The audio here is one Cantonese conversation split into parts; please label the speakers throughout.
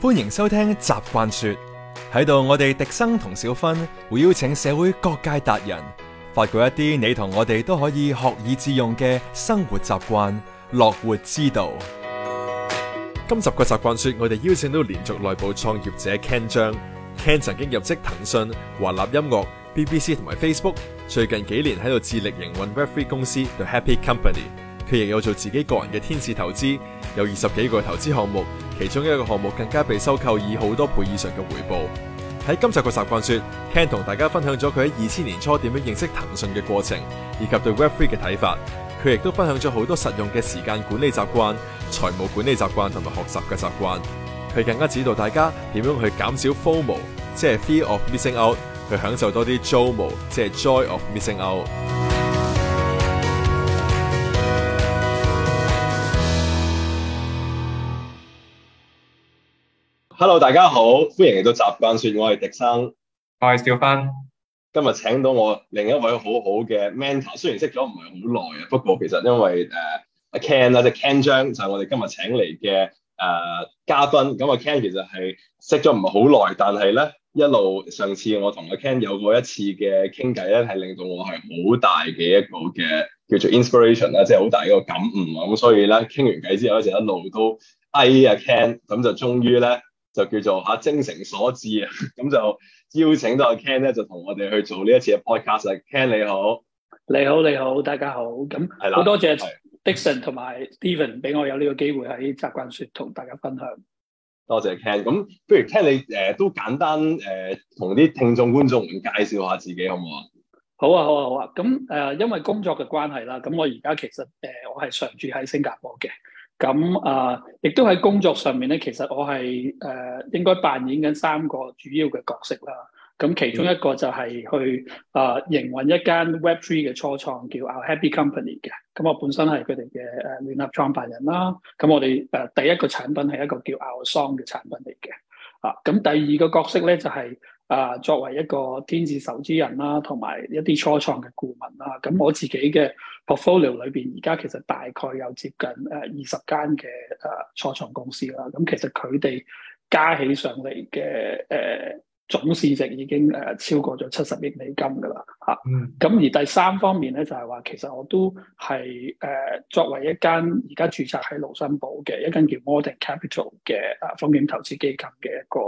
Speaker 1: 歡迎收聽習慣說，喺度我哋迪生同小芬會邀請社會各界達人，發掘一啲你同我哋都可以學以致用嘅生活習慣、樂活之道。今集嘅習慣說，我哋邀請到連續內部創業者 Ken 張，Ken 曾經入職騰訊、華納音樂、BBC 同埋 Facebook，最近幾年喺度致力營運 Web 3公司 The Happy Company，佢亦有做自己個人嘅天使投資，有二十幾個投資項目。其中一個項目更加被收購以好多倍以上嘅回報。喺今集嘅習慣說，Ken 同大家分享咗佢喺二千年初點樣認識騰訊嘅過程，以及對 Web 3嘅睇法。佢亦都分享咗好多實用嘅時間管理習慣、財務管理習慣同埋學習嘅習慣。佢更加指導大家點樣去減少 FOMO，即係 Fear of Missing Out，去享受多啲 JOMO，即係 Joy of Missing Out。Hello，大家好，歡迎嚟到習慣説，我係迪生，我係小芬。今日請到我另一位好好嘅 mentor，雖然識咗唔係好耐啊，不過其實因為阿 Ken 啊，即、uh, Ken 張就係我哋今日請嚟嘅誒嘉賓。咁阿 Ken 其實係識咗唔係好耐，但係咧一路上次我同阿 Ken 有過一次嘅傾偈咧，係令到我係好大嘅一個嘅叫做 inspiration 啦，即係好大一個感悟，咁所以咧傾完偈之後，一直挨挨啊、Ken，就一路都哎阿 Ken，咁就終於咧。就叫做嚇、啊、精誠所至啊！咁 就邀請到阿 Ken 咧，就同我哋去做呢一次嘅 podcast。Ken 你好，你好你好，大家好。咁好的多謝的 Dixon
Speaker 2: 同埋 Steven 俾我有呢個機會喺習慣説同大家分享。
Speaker 1: 多謝 Ken。咁不如 Ken 你誒、呃、都簡單誒同啲聽眾觀眾們介紹下自己好唔好？好啊？好啊好啊好啊！咁誒、
Speaker 2: 呃、因為工作嘅關係啦，咁我而家其實誒、呃、我係常住喺新加坡嘅。咁啊、呃，亦都喺工作上面咧，其實我係誒、呃、應該扮演緊三個主要嘅角色啦。咁其中一個就係去啊營運一間 Web Three 嘅初創叫 Our Happy Company 嘅。咁我本身係佢哋嘅誒聯合創辦人啦。咁我哋誒、呃、第一個產品係一個叫 Our Song 嘅產品嚟嘅。啊，咁第二個角色咧就係、係。啊，作為一個天使投資人啦，同埋一啲初創嘅顧問啦，咁我自己嘅 portfolio 裏邊，而家其實大概有接近誒二十間嘅誒初創公司啦，咁其實佢哋加起上嚟嘅誒。呃總市值已經誒超過咗七十億美金㗎啦嚇，咁、嗯、而第三方面咧就係話，其實我都係誒作為一間而家註冊喺盧森堡嘅一間叫 Modern Capital 嘅啊風險投資基金嘅一個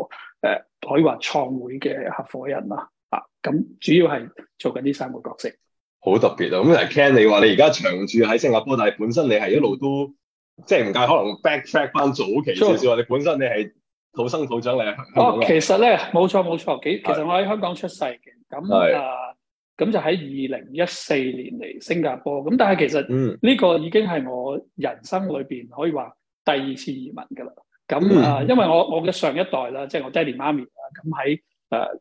Speaker 2: 誒可以話創會嘅合伙人啦嚇，
Speaker 1: 咁、啊、主要係做緊呢三個角色。好特別啊！咁其實 Ken 你話你而家長住喺新加坡，但係本身你係一路都即係唔介，可能 backtrack 翻早期少少，so, 你本身你係。土生土長嚟啊！哦，其實咧冇錯冇錯，幾其實我喺香港出世
Speaker 2: 嘅，咁的啊咁就喺二零一四年嚟新加坡，咁但係其實呢個已經係我人生裏邊可以話第二次移民噶啦。咁啊，因為我我嘅上一代啦，即係我爹哋媽咪啊，咁喺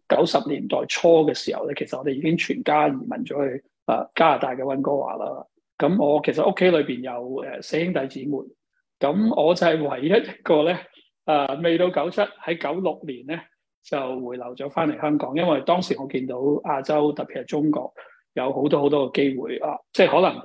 Speaker 2: 誒九十年代初嘅時候咧，其實我哋已經全家移民咗去誒加拿大嘅溫哥華啦。咁我其實屋企裏邊有誒四兄弟姊妹，咁我就係唯一一個咧。誒、啊、未到九七，喺九六年咧就回流咗翻嚟香港，因為當時我見到亞洲特別係中國有好多好多嘅機會啊！即係可能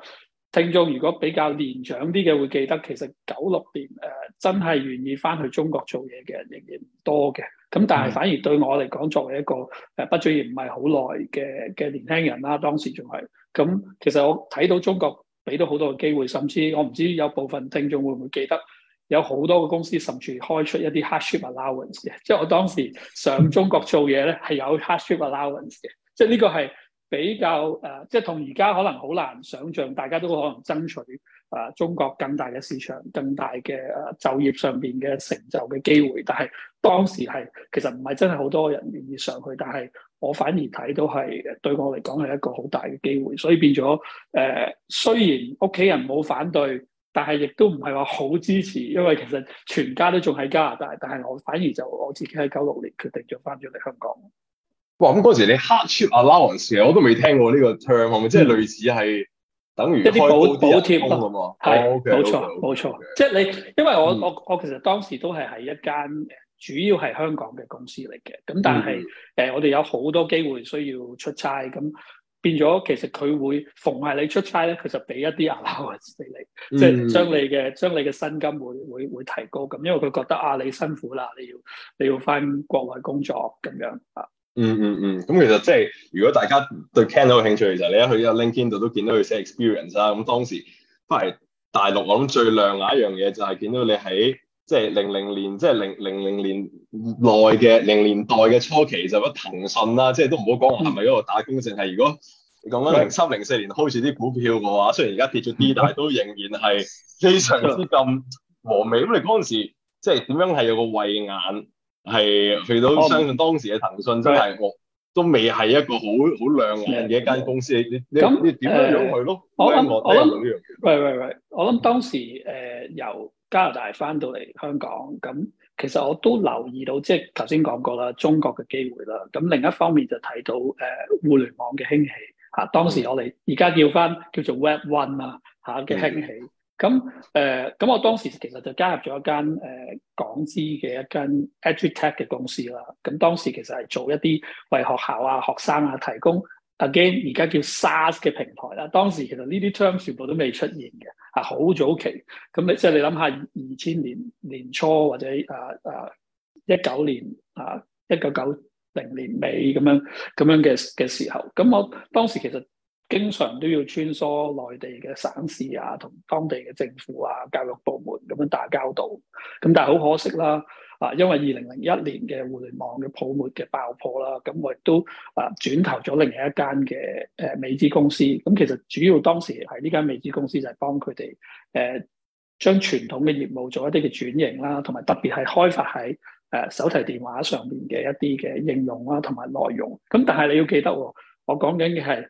Speaker 2: 聽眾如果比較年長啲嘅會記得，其實九六年誒、啊、真係願意翻去中國做嘢嘅人仍然多嘅。咁但係反而對我嚟講作為一個誒畢咗業唔係好耐嘅嘅年輕人啦，當時仲係咁。其實我睇到中國俾到好多嘅機會，甚至我唔知有部分聽眾會唔會記得，有好多嘅公司甚至開出一啲 hardship allowance 嘅，即係我當時上中國做嘢咧，係有 hardship allowance 嘅，即係呢個係比較誒、呃、即係同而家可能好難想象，大家都可能爭取誒、呃、中國更大嘅市場更大嘅誒、呃、就業上邊嘅成就嘅機會，但係當時係其實唔係真係好多人願意上去，但係我反而睇到係誒對我嚟講係一個好大嘅機會，所以變咗誒、呃、雖然屋企人冇反對。但係亦都唔係話好支持，因為其實全家都仲喺加拿大，但係我反而就我自己喺九六年決定咗返咗嚟香港。
Speaker 1: 咁嗰時你 hardship allowance 我都未聽過呢個 term，e 即係類似係等於一啲補補貼咁。冇錯
Speaker 2: 冇錯。即係你，因為我我、嗯、我其實當時都係喺一間主要係香港嘅公司嚟嘅，咁但係誒我哋有好多機會需要出差咁。變咗，其實佢會逢係你出差咧，佢就俾一啲 allowance 俾你，即係將你嘅將、嗯、你嘅薪金會會會提高咁，因為佢覺得啊，你辛苦啦，你要你要翻國外工作咁樣啊、嗯。嗯
Speaker 1: 嗯嗯，咁、嗯嗯嗯嗯嗯、其實即、就、係、是、如果大家對 Ken 都有興趣，其、就、實、是、你一去咗 LinkedIn 度都見到佢寫 experience 啦、啊。咁、嗯、當時翻嚟大陸，我諗最亮眼一樣嘢就係見到你喺。即係零零年，即係零零零年內嘅零年代嘅初期，就乜騰訊啦，即係都唔好講話係咪喺度打工，淨係 如果你講緊零三零四年開始啲股票嘅話，雖然而家跌咗啲，但係都仍然係非常之咁和味。咁你嗰陣時即係點樣係有個慧眼，係去到相信當時嘅騰訊真係是對都未係一個好好亮眼嘅一間公司，嚟咁你那你你點樣去咯？我諗想，我諗，
Speaker 2: 喂喂喂，我諗當時誒、呃、由加拿大翻到嚟香港，咁其實我都留意到，即係頭先講過啦，中國嘅機會啦。咁另一方面就睇到誒、呃、互聯網嘅興起嚇、啊，當時我哋而家叫翻叫做 Web One 啦嚇嘅興起。咁誒，咁、呃、我當時其實就加入咗一間誒、呃、港資嘅一間 EdTech 嘅公司啦。咁當時其實係做一啲為學校啊、學生啊提供 Again 而家叫 SaaS 嘅平台啦。當時其實呢啲 term 全部都未出現嘅，啊好早期。咁你即係、就是、你諗下二千年年初或者誒誒一九年啊一九九零年尾咁樣咁樣嘅嘅時候，咁我當時其實，經常都要穿梭內地嘅省市啊，同當地嘅政府啊、教育部門咁樣打交道。咁但係好可惜啦，啊，因為二零零一年嘅互聯網嘅泡沫嘅爆破啦，咁我亦都啊轉投咗另一間嘅誒美資公司。咁其實主要當時係呢間美資公司就係幫佢哋誒將傳統嘅業務做一啲嘅轉型啦，同埋特別係開發喺誒手提電話上面嘅一啲嘅應用啦，同埋內容。咁但係你要記得喎，我講緊嘅係。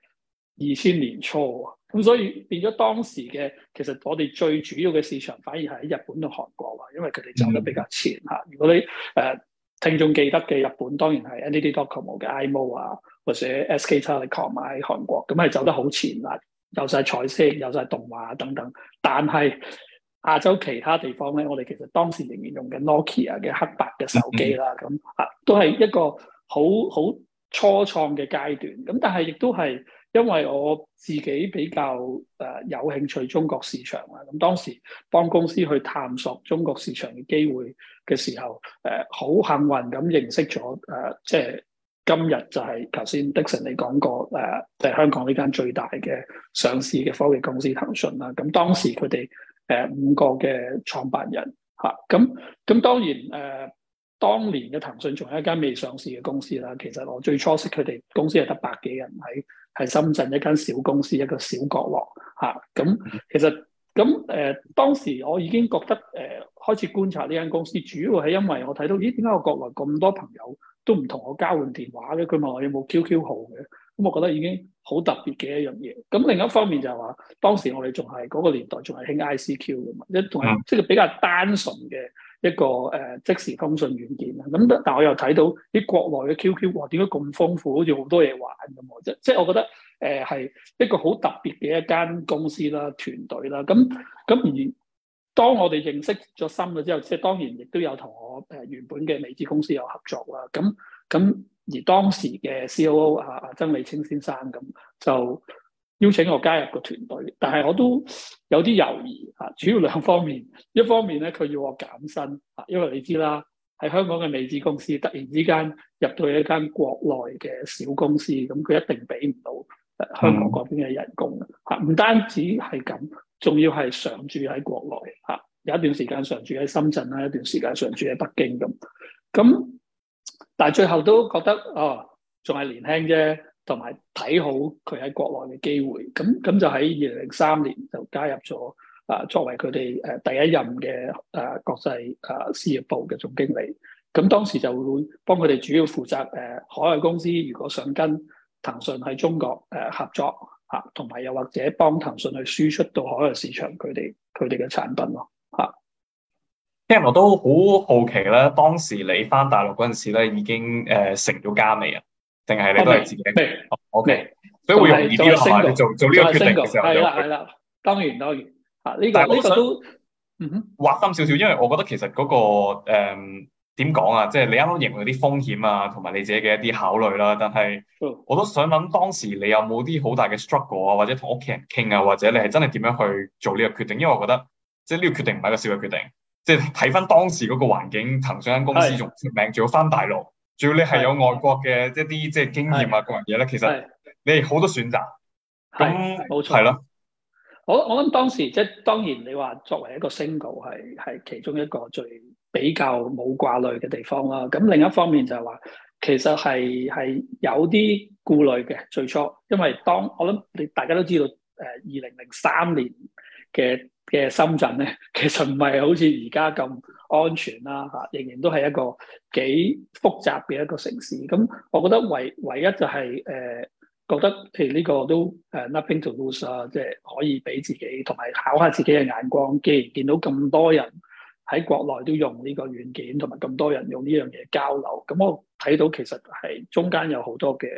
Speaker 2: 二千年初啊，咁所以變咗當時嘅其實我哋最主要嘅市場反而係喺日本同韓國啊，因為佢哋走得比較前嚇。嗯、如果你誒、呃、聽眾記得嘅日本當然係 NTT DoCoMo 嘅 i-mode 啊，或者 SK Telecom 喺、啊、韓國，咁係走得好前啦，有晒彩色，有晒動畫等等。但係亞洲其他地方咧，我哋其實當時仍然用緊 Nokia、ok、嘅黑白嘅手機啦，咁啊都係一個好好初創嘅階段。咁但係亦都係。因為我自己比較誒、呃、有興趣中國市場啊，咁當時幫公司去探索中國市場嘅機會嘅時候，誒、呃、好幸運咁認識咗誒，即、呃、係、就是、今日就係頭先廸生你講過誒，即、呃、係、就是、香港呢間最大嘅上市嘅科技公司騰訊啦。咁當時佢哋誒五個嘅創辦人嚇，咁、啊、咁當然誒、呃，當年嘅騰訊仲係一間未上市嘅公司啦。其實我最初識佢哋公司係得百幾人喺。係深圳一間小公司，一個小角落。嚇、啊。咁其實咁誒、呃，當時我已經覺得誒、呃、開始觀察呢間公司，主要係因為我睇到咦，點解我國內咁多朋友都唔同我交換電話嘅？佢問我有冇 QQ 號嘅，咁我覺得已經好特別嘅一樣嘢。咁另一方面就係話，當時我哋仲係嗰個年代，仲係興 ICQ 嘅嘛，即係同即係比較單純嘅。一個誒即時通訊軟件啦，咁但係我又睇到啲國內嘅 QQ 話點解咁豐富，好似好多嘢玩咁，即即係我覺得誒係、呃、一個好特別嘅一間公司啦、團隊啦，咁咁而當我哋認識咗深咗之後，即係當然亦都有同我誒原本嘅美資公司有合作啦，咁咁而當時嘅 COO 啊啊曾美清先生咁就。邀請我加入個團隊，但係我都有啲猶豫。吓、啊，主要兩方面，一方面咧佢要我減薪，吓、啊，因為你知啦，喺香港嘅美資公司突然之間入到去一間國內嘅小公司，咁佢一定俾唔到、啊、香港嗰邊嘅人工吓，唔、啊、單止係咁，仲要係常住喺國內吓、啊，有一段時間常住喺深圳啦，一段時間常住喺北京咁，咁但係最後都覺得哦，仲、啊、係年輕啫。同埋睇好佢喺國內嘅機會，咁咁就喺二零零三年就加入咗啊，作為佢哋誒第一任嘅誒、啊、國際誒事、啊、業部嘅總經理。咁當時就會幫佢哋主要負責誒、啊、海外公司，如果想跟騰訊喺中國誒、啊、合作嚇，同埋又或者幫騰訊去輸出到海外
Speaker 3: 市場佢哋佢哋嘅產品咯嚇。因為、啊、我都好好奇咧，當時你返大陸嗰陣時咧已經誒、呃、成咗家未啊？定係你都係自己，O Okay . K，沒所以會容易啲吧做做呢個決定嘅時候，係啦係啦，當然當然。啊，呢、這個呢都，嗯，挖深少少，因為我覺得其實嗰、那個誒點講啊，即、就、係、是、你啱啱形容啲風險啊，同埋你自己嘅一啲考慮啦、啊。但係，我都想問當時你有冇啲好大嘅 struggle 啊，或者同屋企人傾啊，或者你係真係點樣去做呢個決定？因為我覺得即係呢個決定唔係一個小嘅決定，即係睇翻當時嗰個環境，騰訊間公司仲出名，仲的要翻大陸。主要你係有外國嘅一啲即係經驗啊，各樣嘢咧，其實你好多選擇，冇錯，係咯。
Speaker 2: 我我諗當時即係當然你話作為一個 single 係係其中一個最比較冇掛慮嘅地方啦。咁另一方面就係話其實係係有啲顧慮嘅最初，因為當我諗你大家都知道誒二零零三年嘅嘅深圳咧，其實唔係好似而家咁。安全啦、啊、嚇，仍然都係一個幾複雜嘅一個城市。咁，我覺得唯唯一就係、是、誒、呃，覺得譬如呢個都誒、呃，nothing to lose 啊，即、就、係、是、可以俾自己同埋考下自己嘅眼光。既然見到咁多人喺國內都用呢個軟件，同埋咁多人用呢樣嘢交流，咁我睇到其實係中間有好多嘅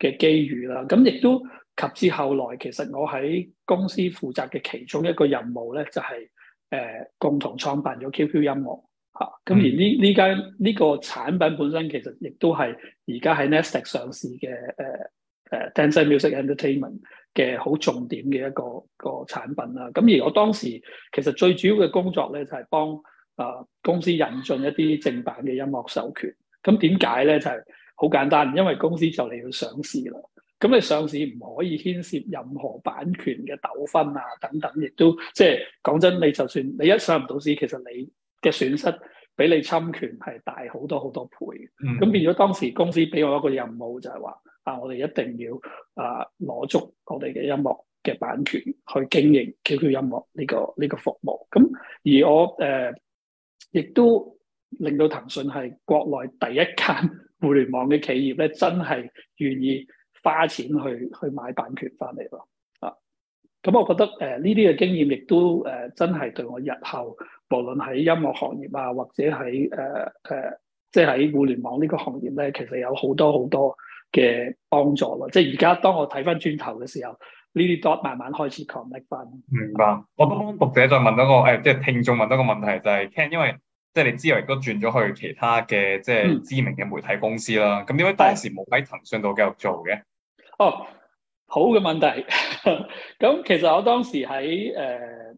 Speaker 2: 嘅機遇啦、啊。咁亦都及至後來，其實我喺公司負責嘅其中一個任務咧，就係、是。誒共同創辦咗 QQ 音樂嚇，咁、嗯、而呢呢間呢個產品本身其實亦都係而家喺 Nestec 上市嘅誒誒 Tencent Music Entertainment 嘅好重點嘅一個個產品啦。咁、啊、而我當時其實最主要嘅工作咧就係、是、幫啊公司引進一啲正版嘅音樂授權。咁點解咧就係、是、好簡單，因為公司就嚟要上市啦。咁你上市唔可以牽涉任何版權嘅糾紛啊，等等，亦都即係講真，你就算你一上唔到市，其實你嘅損失比你侵權係大好多好多倍嘅。咁、嗯、變咗當時公司俾我一個任務就係、是、話啊，我哋一定要啊攞足我哋嘅音樂嘅版權去經營 QQ 音樂呢、這個呢、這個服務。咁而我誒亦、呃、都令到騰訊係國內第一間互聯網嘅企業咧，真係願意。花錢去去買版權翻嚟咯啊！咁我覺得誒呢啲嘅經驗亦都誒、呃、真係對我日後無論喺音樂行業啊，或者喺誒誒即係喺互聯網呢個行業咧，其實有好多好多嘅幫助咯。即係而家當我睇翻轉頭嘅時候，呢啲 dot 慢慢開始 connect 翻。
Speaker 3: 明白、嗯。我剛剛讀者再問到個誒，即、哎、係聽眾問到個問題就係、是、Ken 因為即係你之後都轉咗去其他嘅即係知名嘅媒體公司啦。咁點解當時冇喺騰訊度繼續做嘅？但哦，oh，好嘅問題。
Speaker 2: 咁 其實我當時喺誒、呃、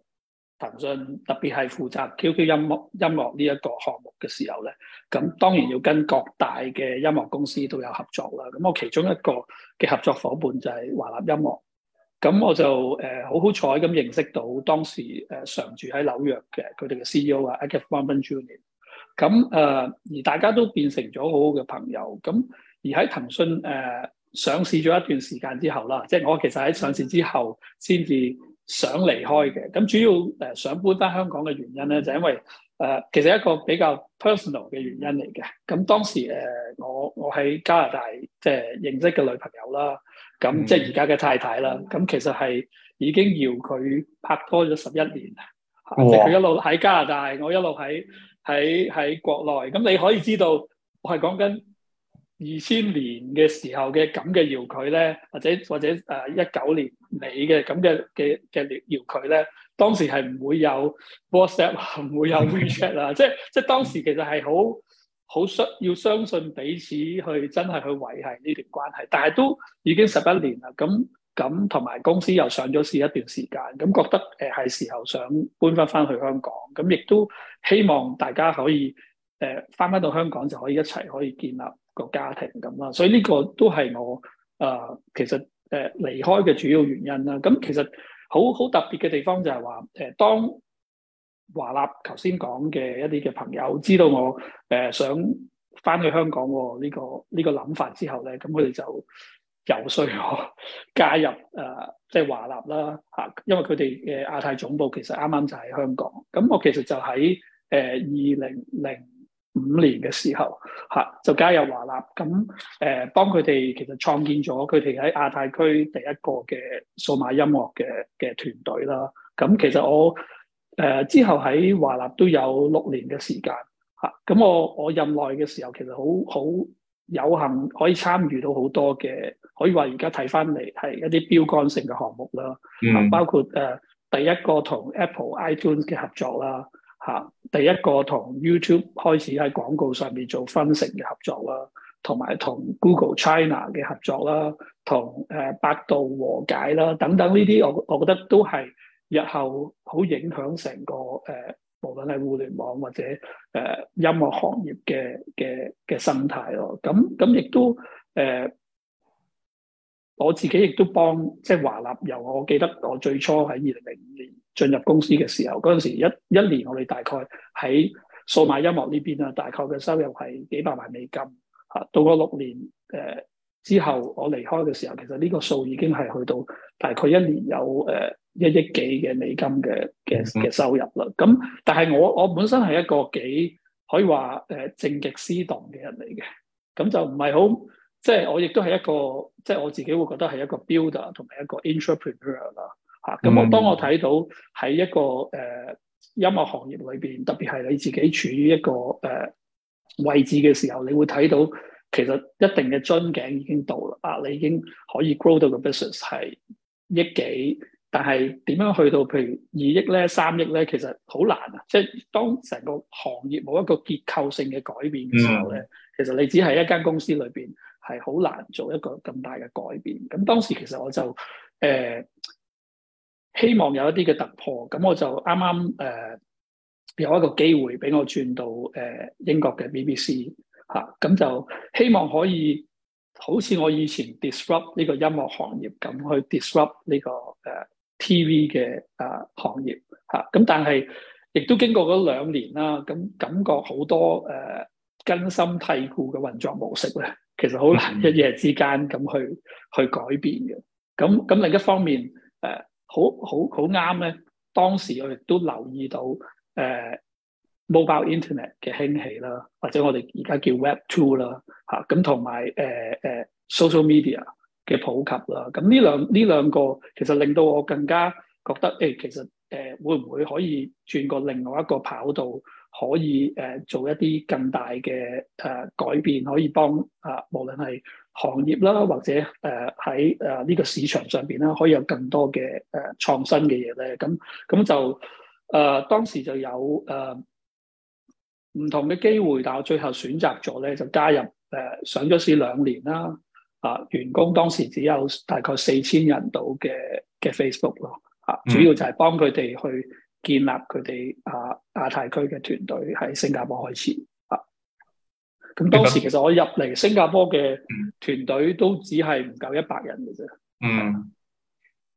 Speaker 2: 騰訊，特別係負責 QQ 音樂音樂呢一個項目嘅時候咧，咁當然要跟各大嘅音樂公司都有合作啦。咁我其中一個嘅合作伙伴就係華納音樂。咁我就誒好好彩咁認識到當時誒、呃、常住喺紐約嘅佢哋嘅 CEO 啊，Edgar Bronfman Jr. 咁誒，而大家都變成咗好好嘅朋友。咁而喺騰訊誒。呃上市咗一段時間之後啦，即係我其實喺上市之後先至想離開嘅。咁主要誒想搬翻香港嘅原因咧，就係因為誒、呃、其實一個比較 personal 嘅原因嚟嘅。咁當時誒、呃、我我喺加拿大即係認識嘅女朋友啦，咁即係而家嘅太太啦。咁、嗯、其實係已經要佢拍拖咗十、哦、一年啦，即係佢一路喺加拿大，我一路喺喺喺國內。咁你可以知道，我係講緊，二千年嘅時候嘅咁嘅遙距咧，或者或者誒一九年尾嘅咁嘅嘅嘅遙距咧，當時係唔會有 WhatsApp 唔會有 WeChat 啊， 即係即係當時其實係好好需要相信彼此去真係去維繫呢段關係。但係都已經十一年啦，咁咁同埋公司又上咗市一段時間，咁覺得誒係時候想搬翻翻去香港，咁亦都希望大家可以誒翻翻到香港就可以一齊可以建立。個家庭咁啦，所以呢個都係我誒、呃，其實誒、呃、離開嘅主要原因啦。咁、啊、其實好好特別嘅地方就係話，誒、呃、當華納頭先講嘅一啲嘅朋友知道我誒、呃、想翻去香港呢、呢個呢、呢個諗法之後咧，咁佢哋就游說我 加入誒、呃、即係華納啦吓，因為佢哋嘅亞太總部其實啱啱就喺香港。咁、嗯、我其實就喺誒二零零。呃五年嘅時候，嚇、啊、就加入華納，咁誒幫佢哋其實創建咗佢哋喺亞太區第一個嘅數碼音樂嘅嘅團隊啦。咁、啊、其實我誒、啊、之後喺華納都有六年嘅時間，嚇、啊、咁、啊啊、我我任內嘅時候其實好好有幸可以參與到好多嘅，可以話而家睇翻嚟係一啲標杆性嘅項目啦。嗯啊、包括誒、啊、第一個同 Apple iTunes 嘅合作啦。嚇！第一個同 YouTube 開始喺廣告上面做分成嘅合作啦，同埋同 Google China 嘅合作啦，同誒百度和解啦，等等呢啲，我我覺得都係日後好影響成個誒，無論係互聯網或者誒音樂行業嘅嘅嘅生態咯。咁咁亦都誒。呃我自己亦都幫即係華納，由我記得我最初喺二零零五年進入公司嘅時候，嗰陣時一一年我哋大概喺數碼音樂呢邊啊，大概嘅收入係幾百萬美金嚇啊。到咗六年誒之後，我離開嘅時候，其實呢個數已經係去到大概一年有誒一億幾嘅美金嘅嘅嘅收入啦。咁但係我我本身係一個幾可以話誒靜極思動嘅人嚟嘅，咁就唔係好。即係我亦都係一個，即係我自己會覺得係一個 builder 同埋一個 intrapreneur 啦嚇。咁、啊、我當我睇到喺一個誒、呃、音樂行業裏邊，特別係你自己處於一個誒、呃、位置嘅時候，你會睇到其實一定嘅樽頸已經到啦。啊，你已經可以 grow 到個 business 係億幾，但係點樣去到譬如二億咧、三億咧，其實好難啊。即係當成個行業冇一個結構性嘅改變嘅時候咧，嗯、其實你只係一間公司裏邊，係好難做一個咁大嘅改變。咁當時其實我就誒、呃、希望有一啲嘅突破。咁我就啱啱誒有一個機會俾我轉到誒、呃、英國嘅 BBC 嚇、啊。咁、嗯、就希望可以好似我以前 disrupt 呢個音樂行業咁去 disrupt 呢、這個誒、呃、TV 嘅誒、呃、行業嚇。咁、啊、但係亦都經過咗兩年啦、啊，咁、嗯、感覺好多誒、呃、根深蒂固嘅運作模式咧。其實好難一夜之間咁去去改變嘅。咁咁另一方面，誒、呃、好好好啱咧。當時我亦都留意到誒 mobile internet 嘅興起啦，或者我哋而家叫 web two 啦，嚇咁同埋誒誒 social media 嘅普及啦。咁、嗯、呢兩呢兩個其實令到我更加覺得誒、欸，其實誒、呃、會唔會可以轉過另外一個跑道？可以誒做一啲更大嘅誒改變，可以幫啊無論係行業啦，或者誒喺誒呢個市場上邊啦，可以有更多嘅誒創新嘅嘢咧。咁咁就誒、呃、當時就有誒唔同嘅機會，但我最後選擇咗咧，就加入誒、呃、上咗市兩年啦啊、呃、員工當時只有大概四千人到嘅嘅 Facebook 咯啊，主要就係幫佢哋去。建立佢哋亞亞太區嘅團隊喺新加坡開始啊，咁當時其實，其實我入嚟新加坡嘅團隊都只係唔夠一
Speaker 3: 百人嘅啫。嗯，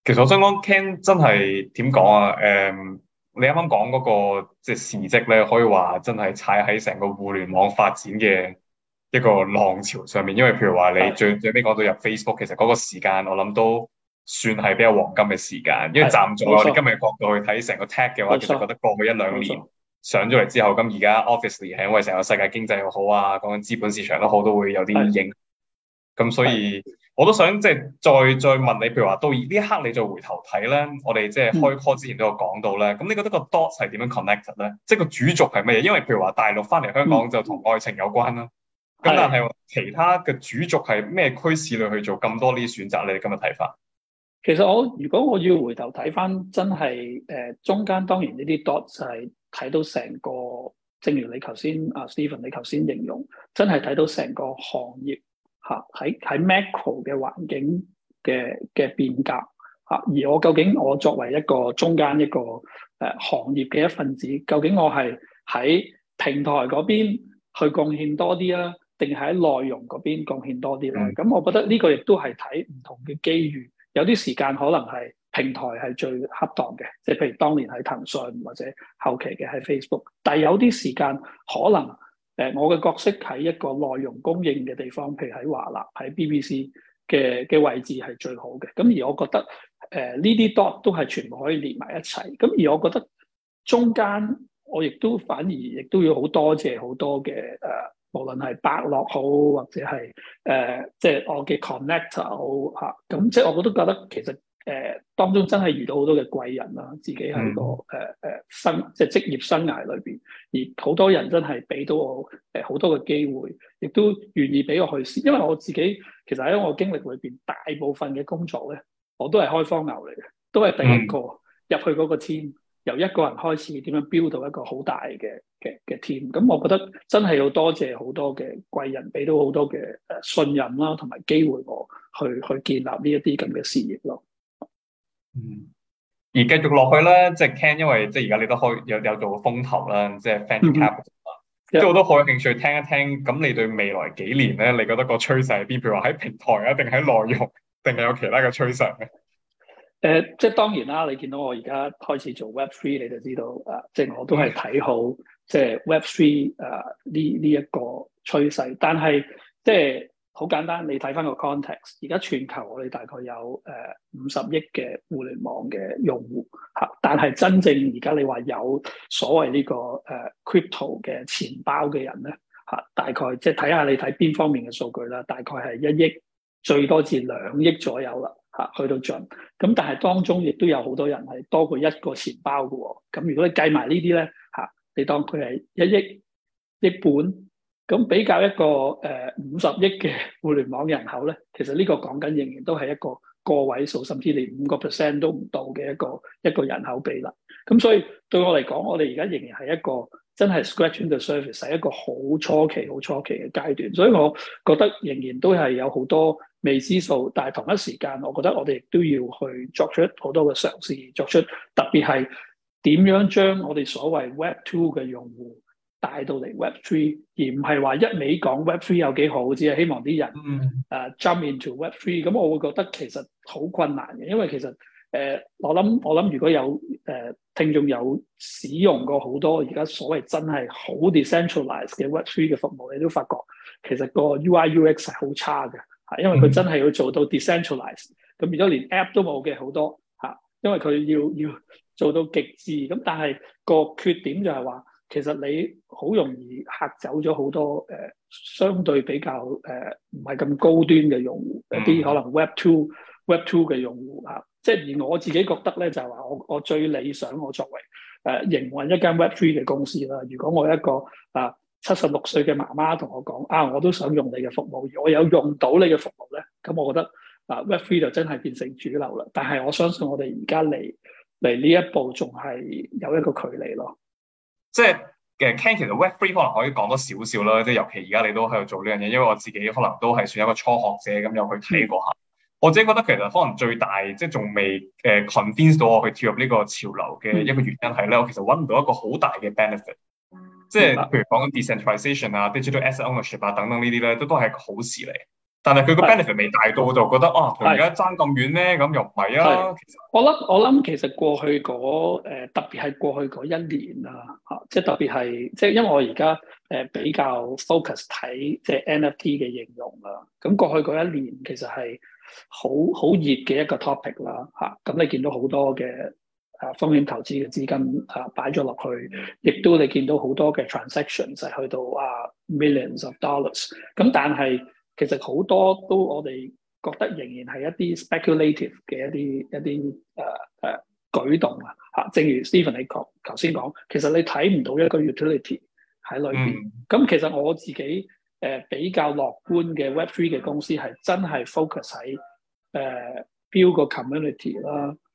Speaker 3: 其實我想講 Ken 真係點講啊？誒、um, 那個，你啱啱講嗰個即係事蹟咧，可以話真係踩喺成個互聯網發展嘅一個浪潮上面。因為譬如話你最的最尾講到入 Facebook，其實嗰個時間我諗都～算係比較黃金嘅時間，因為站在我哋今日嘅角度去睇成個 tech 嘅話，其實錯覺得過去一兩年錯上咗嚟之後，咁而家 obviously 係因為成個世界經濟又好啊，講緊資本市場都好，都會有啲影響。咁的所以的我都想即係再再問你，譬如話到呢一刻你再回頭睇咧，我哋即係開 call 之前都有講到咧。咁、嗯、你覺得個 dots 係點樣 connected 咧？即係個主軸係乜嘢？因為譬如話大陸翻嚟香港就同愛情有關啦。
Speaker 2: 咁、嗯、但係
Speaker 3: 其他嘅主軸係咩驅使你去做咁多呢啲選擇？你哋今日睇法？
Speaker 2: 其實我，如果我要回頭睇翻，真係誒、呃、中間當然呢啲 dot 就係睇到成個，正如你頭先啊 Stephen，你頭先形容，真係睇到成個行業吓喺、啊、喺 Macro 嘅環境嘅嘅變革吓、啊，而我究竟我作為一個中間一個誒、啊、行業嘅一份子，究竟我係喺平台嗰邊去貢獻多啲啦、啊，定係喺內容嗰邊貢獻多啲咧、啊？咁、嗯、我覺得呢個亦都係睇唔同嘅機遇。有啲時間可能係平台係最恰當嘅，即係譬如當年喺騰訊或者後期嘅喺 Facebook，但係有啲時間可能誒，我嘅角色喺一個內容供應嘅地方，譬如喺華納、喺 BBC 嘅嘅位置係最好嘅。咁而我覺得誒，呢啲 dot 都係全部可以連埋一齊。咁而我覺得中間我亦都反而亦都要好多謝好多嘅誒。呃無論係伯樂好，或者係誒，呃就是啊、即係我嘅 connector 好嚇，咁即係我都覺得其實誒、呃、當中真係遇到好多嘅貴人啦，自己喺個誒誒、呃、生即係職業生涯裏邊，而好多人真係俾到我誒好多嘅機會，亦都願意俾我去試。因為我自己其實喺我經歷裏邊，大部分嘅工作咧，我都係開荒牛嚟嘅，都係第一個入去嗰個 team。由一個人開始點樣 build 到一個好大嘅嘅嘅 team，咁、嗯、我覺得真係要多謝好多嘅貴人，俾到好多嘅誒信任啦，同埋機會我去去建立呢一啲咁嘅事業咯。嗯，
Speaker 3: 而繼續落去咧，即、就、係、是、Ken，因為即係而家你都開有有做風投啦，即係 venture capital、嗯、即係我都好有興趣聽一聽，咁你對未來幾年咧，你覺得個趨勢係邊？譬如話喺平台啊，定喺內容，定係有其他嘅趨勢咧？誒、呃，即係當然啦，你見到我而家開始做
Speaker 2: Web3，你就知道啊，即係我都係睇好，即係 Web3 啊呢呢一個趨勢。但係即係好簡單，你睇返個 context，而家全球我哋大概有誒五十億嘅互聯網嘅用戶吓、啊，但係真正而家你話有所謂呢、這個誒、啊、crypto 嘅錢包嘅人咧吓、啊，大概即係睇下你睇邊方面嘅數據啦，大概係一億最多至兩億左右啦。啊，去到盡咁，但係當中亦都有好多人係多過一個錢包嘅喎、哦。咁如果你計埋呢啲咧，嚇，你當佢係一億億本，咁比較一個誒五十億嘅互聯網人口咧，其實呢個講緊仍然都係一個個位數，甚至連五個 percent 都唔到嘅一個一個人口比啦。咁所以對我嚟講，我哋而家仍然係一個真係 scratching the surface 係一個好初期、好初期嘅階段。所以我覺得仍然都係有好多。未知數，但係同一時間，我覺得我哋亦都要去作出好多嘅嘗試，作出特別係點樣將我哋所謂 Web Two 嘅用戶帶到嚟 Web Three，而唔係話一味講 Web Three 有幾好，只係希望啲人誒、嗯 uh, jump into Web Three。咁我會覺得其實好困難嘅，因為其實誒、呃、我諗我諗，如果有誒、呃、聽眾有使用過好多而家所謂真係好 decentralized 嘅 Web Three 嘅服務，你都發覺其實個 UI UX 係好差嘅。因為佢真係要做到 decentralized 咁變咗、嗯、連 app 都冇嘅好多嚇，因為佢要要做到極致。咁但係個缺點就係話，其實你好容易嚇走咗好多誒、呃，相對比較誒唔係咁高端嘅用戶，嗯、一啲可能 web two, web two、web two 嘅用戶嚇、啊。即係而我自己覺得咧，就係、是、話我我最理想我作為誒營運一間 web three 嘅公司啦。如果我一個啊～七十六歲嘅媽媽同我講：啊，我都想用你嘅服務，而我有用到你嘅服務咧。咁我覺得啊，Web Three 就真係變成主流啦。但係我相信我哋而家嚟嚟呢一步仲係有一個距離咯。
Speaker 3: 即係嘅 Ken 其實 Web Three 可能可以講多少少啦。即係尤其而家你都喺度做呢樣嘢，因為我自己可能都係算一個初學者咁，有去睇過下。嗯、我自己覺得其實可能最大即係仲未誒 convince 到我去跳入呢個潮流嘅一個原因係咧，嗯、我其實揾唔到一個好大嘅 benefit。即係譬如講緊 decentralization 啊，啊，digital asset ownership 啊，等等呢啲咧，都都係個好事嚟。但係佢個 benefit 未是大到，我就覺得哦，同而家爭咁遠咧，咁又唔係啦。
Speaker 2: 我諗我諗，其實過去嗰、呃、特別係過去嗰一年啊，嚇，即係特別係即係因為我而家誒比較 focus 睇即係、就是、NFT 嘅應用啦。咁過去嗰一年其實係好好熱嘅一個 topic 啦、啊、嚇、啊。咁你見到好多嘅。啊，風險投資嘅資金啊，擺咗落去，亦都你見到好多嘅 transaction 就係去到啊、uh, millions of dollars、啊。咁但係其實好多都我哋覺得仍然係一啲 speculative 嘅一啲一啲誒誒舉動啊嚇。正如 Stephen 你講頭先講，其實你睇唔到一個 utility 喺裏邊。咁、嗯啊、其實我自己誒、呃、比較樂觀嘅 Web3 嘅公司係真係 focus 喺誒、呃、build 個 community 啦。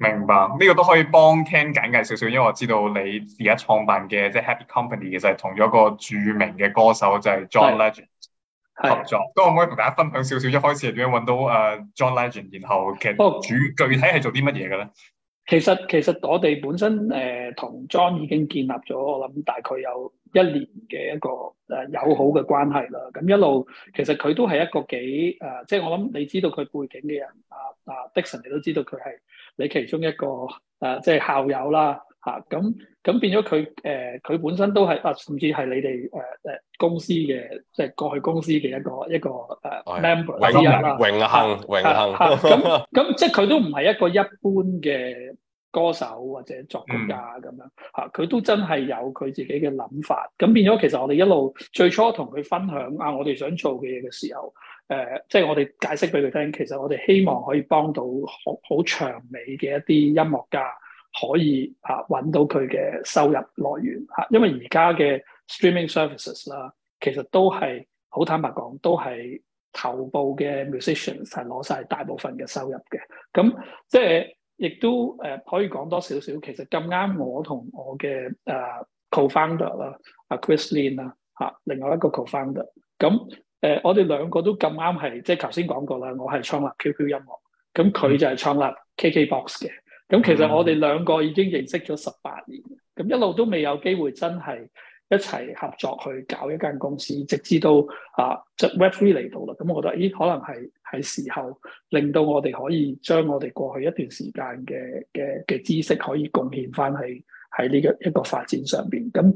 Speaker 3: 明白，呢、這個都可以幫 Ken 簡介少少，因為我知道你而家創辦嘅即係 Happy Company 其實係同咗個著名嘅歌手就係、是、John Legend 合作，咁可唔可以同大家分享少少一開始點樣揾到啊 John Legend，然後、哦、其實主具體係做啲乜嘢嘅咧？其實其實我
Speaker 2: 哋本身誒同、呃、John 已經建立咗，我諗大概有一年嘅一個誒友好嘅關係啦。咁一路其實佢都係一個幾誒、呃，即係我諗你知道佢背景嘅人啊啊，Dixon 你都知道佢係。你其中一個誒、呃，即係校友啦，嚇咁咁變咗佢誒，佢、呃、本身都係啊，甚至係你哋誒誒公司嘅，即係過去公司嘅一個一個誒 member 嚟嘅啦。榮
Speaker 3: 幸榮幸
Speaker 2: 咁咁，即係佢都唔係一個一般嘅歌手或者作曲家咁樣嚇，佢、 啊、都真係有佢自己嘅諗法。咁變咗，其實我哋一路最初同佢分享啊，我哋想做嘅嘢嘅時候。誒、呃，即係我哋解釋俾佢聽，其實我哋希望可以幫到好好長尾嘅一啲音樂家，可以啊揾到佢嘅收入來源嚇、啊。因為而家嘅 streaming services 啦、啊，其實都係好坦白講，都係頭部嘅 musicians 係、啊、攞晒大部分嘅收入嘅。咁、啊、即係亦都誒、啊，可以講多少少。其實咁啱，我同我嘅誒 co-founder 啦，啊，founder，啊 Chris Lin 啊嚇，另外一個 co-founder 咁。Founder，啊啊誒，我哋兩個都咁啱係，即係頭先講過啦，我係創立 QQ 音樂，咁佢就係創立 KKBox 嘅。咁其實我哋兩個已經認識咗十八年，咁一路都未有機會真係一齊合作去搞一間公司，直至到啊 The Web Three 嚟到啦。咁、就是、我覺得，咦、哎，可能係係時候令到我哋可以將我哋過去一段時間嘅嘅嘅知識可以貢獻翻喺喺呢個一個發展上邊。咁。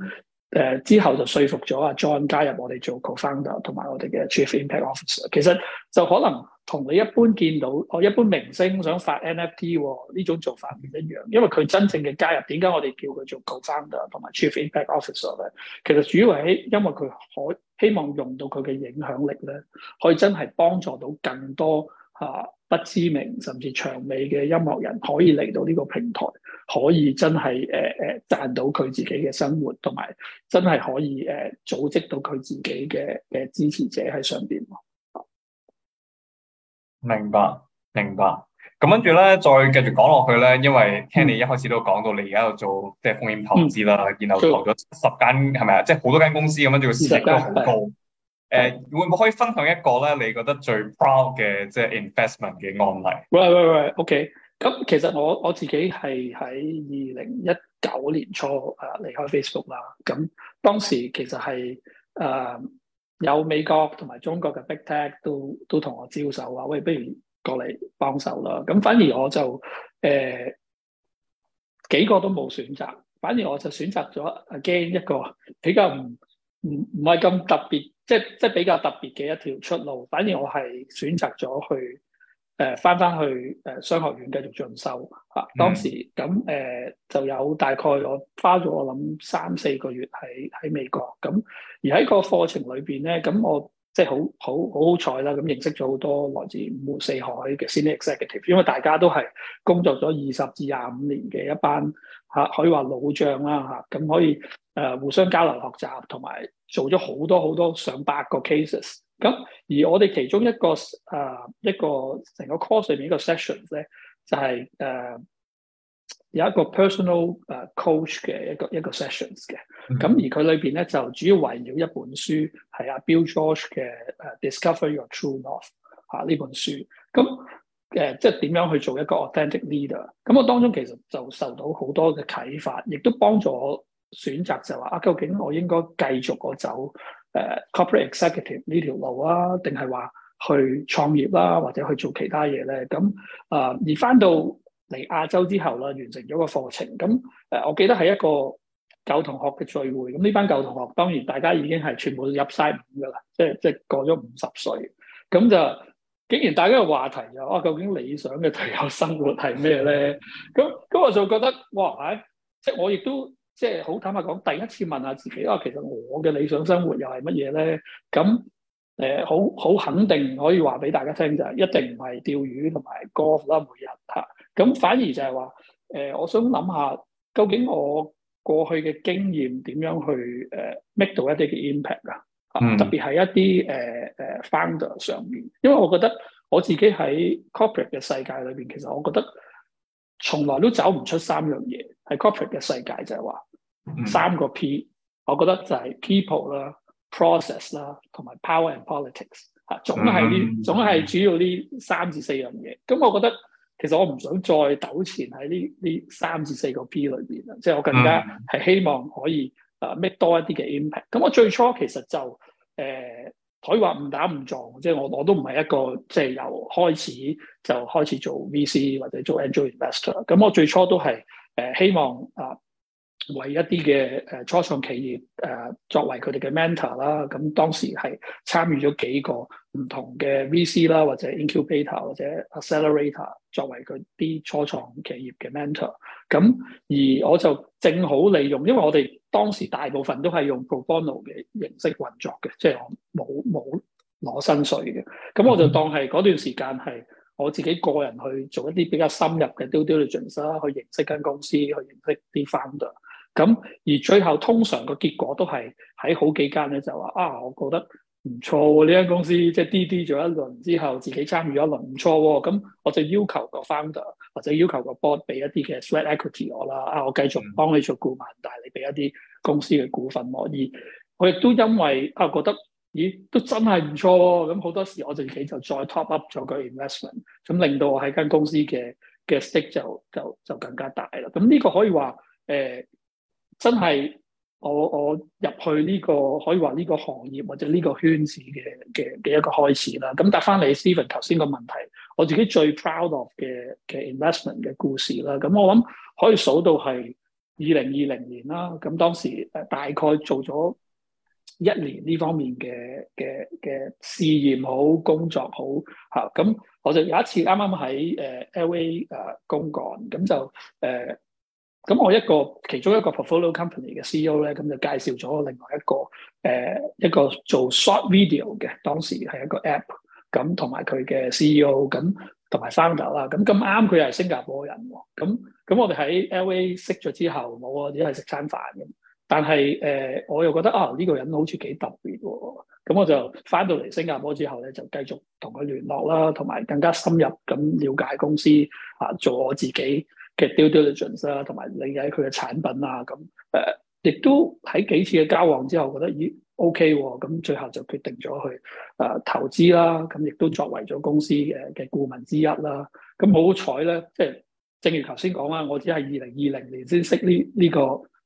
Speaker 2: 誒，之後就說服咗阿 John 加入我哋做 cofounder，同埋我哋嘅 Chief Impact Officer。其實就可能同你一般見到，我一般明星想發 NFT 呢種做法唔一樣，因為佢真正嘅加入，點解我哋叫佢做 cofounder 同埋 Chief Impact Officer 咧？其實主要係因為佢可希望用到佢嘅影響力咧，可以真係幫助到更多。啊！不知名甚至長尾嘅音樂人可以嚟到呢個平台，可以真係誒誒賺到佢自己嘅生活，同埋真係可以誒、呃、組織到佢自己嘅嘅、呃、支持者喺上邊。啊、
Speaker 3: 明白，明白。咁跟住咧，再繼續講落去咧，因為聽你一開始都講到你而家度做即係風險投資啦、嗯，然後投咗十間係咪啊？即係好多間公司咁樣，個市值都好高。嗯嗯嗯誒，會唔會可以分享一個咧？你覺得最 proud 嘅即係 investment 嘅案例？
Speaker 2: 喂喂喂，OK。咁其實我我自己係喺二零一九年初誒離開 Facebook 啦。咁當時其實係誒有美國同埋中國嘅 big tech 都都同我招手話，喂，不如過嚟幫手啦。咁反而我就誒幾個都冇選擇，反而我就選擇咗阿 Gen 一個比較唔唔唔係咁特別。即係即係比較特別嘅一條出路，反而我係選擇咗去誒翻翻去誒商學院繼續進修嚇、啊。當時咁誒、呃、就有大概我花咗我諗三四個月喺喺美國。咁而喺個課程裏邊咧，咁我即係好好好好彩啦！咁認識咗好多來自五湖四海嘅 Senior Executive，因為大家都係工作咗二十至廿五年嘅一班嚇，可以話老將啦嚇。咁、啊、可以誒、呃、互相交流學習同埋。做咗好多好多上百個 cases，咁而我哋其中一個誒、呃、一個成個 course 裏面一個 sessions 咧，就係、是、誒、呃、有一個 personal 誒 coach 嘅一個一個 sessions 嘅。咁、mm hmm. 而佢裏邊咧就主要圍繞一本書係阿 Bill George 嘅誒 Discover Your True North 嚇、啊、呢本書。咁誒、呃、即係點樣去做一個 authentic leader？咁我當中其實就受到好多嘅啟發，亦都幫助我。選擇就話啊，究竟我應該繼續我走誒、呃、corporate executive 呢條路啊，定係話去創業啦、啊，或者去做其他嘢咧？咁啊、呃，而翻到嚟亞洲之後啦，完成咗個課程咁誒、呃，我記得係一個舊同學嘅聚會，咁呢班舊同學當然大家已經係全部入晒五噶啦，即係即係過咗五十歲，咁就竟然大家嘅話題就話、啊、究竟理想嘅退休生活係咩咧？咁咁我就覺得哇，誒，即係我亦都。即係好坦白講，第一次問下自己，因、啊、其實我嘅理想生活又係乜嘢咧？咁誒，好、呃、好肯定可以話俾大家聽就係、是，一定唔係釣魚同埋 golf 啦，每日嚇。咁、啊、反而就係話誒，我想諗下究竟我過去嘅經驗點樣去誒、呃、make 到一啲嘅 impact 啊？嗯、特別係一啲誒誒 founder 上面，因為我覺得我自己喺 corporate 嘅世界裏邊，其實我覺得從來都走唔出三樣嘢，係 corporate 嘅世界就係話，三個 P，我覺得就係 people 啦、process 啦，同埋 power and politics 吓，總係呢，總係主要呢三至四樣嘢。咁我覺得，其實我唔想再糾纏喺呢呢三至四個 P 裏邊啦，即係我更加係希望可以誒 make、呃、多一啲嘅 impact。咁我最初其實就誒、呃、可以話唔打唔撞，即係我我都唔係一個即係由開始就開始做 VC 或者做 angel investor。咁我最初都係誒、呃、希望啊。呃為一啲嘅誒初創企業誒作為佢哋嘅 mentor 啦，咁當時係參與咗幾個唔同嘅 VC 啦，或者 incubator 或者 accelerator 作為佢啲初創企業嘅 mentor。咁而我就正好利用，因為我哋當時大部分都係用 pro bono 嘅形式運作嘅，即係我冇冇攞薪水嘅。咁我就當係嗰段時間係我自己個人去做一啲比較深入嘅 due diligence 啦，去認識間公司，去認識啲 founder。咁而最後通常個結果都係喺好幾間咧就話啊，我覺得唔錯喎呢間公司，即係滴滴咗一輪之後，自己參與咗一輪唔錯喎。咁、啊、我就要求個 founder 或者要求個 board 俾一啲嘅 sweat equity 我啦。啊，我繼續幫你做顧問，但係你俾一啲公司嘅股份我。而我亦都因為啊，覺得咦都真係唔錯喎。咁、啊、好多時我自己就再 top up 咗個 investment，咁令到我喺間公司嘅嘅 stake 就就就更加大啦。咁、啊、呢個可以話誒。呃真係我我入去呢、呢個可以話呢個行業或者呢個圈子嘅嘅嘅一個開始啦。咁答翻你 Stephen 頭先個問題，我自己最 proud of 嘅嘅 investment 嘅故事啦。咁、嗯、我諗可以數到係二零二零年啦。咁、嗯、當時誒、呃、大概做咗一年呢方面嘅嘅嘅試驗好工作好嚇。咁、嗯嗯、我就有一次啱啱喺誒 LA 誒、呃、公幹，咁、嗯、就誒。呃咁我一個其中一個 portfolio company 嘅 CEO 咧，咁就介紹咗另外一個誒、呃、一個做 short video 嘅，當時係一個 app，咁同埋佢嘅 CEO，咁同埋 founder 啦，咁咁啱佢又係新加坡人喎，咁、嗯、咁、嗯、我哋喺 LA 識咗之後，我只係食餐飯咁，但係誒、呃、我又覺得啊呢、哦這個人好似幾特別喎，咁、嗯、我就翻到嚟新加坡之後咧，就繼續同佢聯絡啦，同埋更加深入咁了解公司，啊做我自己。嘅 due diligence 啊，同埋理解佢嘅產品啊，咁誒亦都喺幾次嘅交往之後，覺得咦 OK 喎，咁、啊、最後就決定咗去誒、啊、投資啦，咁、啊、亦都作為咗公司嘅嘅顧問之一啦。咁好彩咧，即係、就是、正如頭先講啦，我只係二零二零年先識呢、這、呢個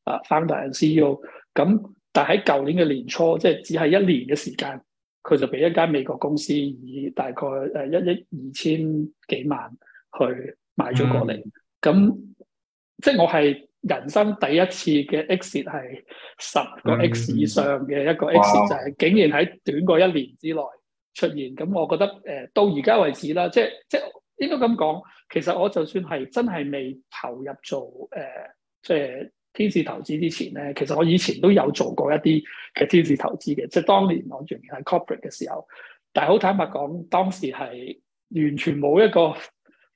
Speaker 2: 啊 Founder and CEO，咁、啊、但係喺舊年嘅年初，即、就、係、是、只係一年嘅時間，佢就俾一間美國公司以大概誒一億二千幾萬去買咗過嚟。嗯。咁即係我係人生第一次嘅 exit 係十個 x 以上嘅一個 exit、嗯、就係竟然喺短過一年之內出現咁，我覺得誒、呃、到而家為止啦，即係即係應該咁講，其實我就算係真係未投入做誒、呃、即係天使投資之前咧，其實我以前都有做過一啲嘅天使投資嘅，即係當年我完全係 corporate 嘅時候，但係好坦白講，當時係完全冇一個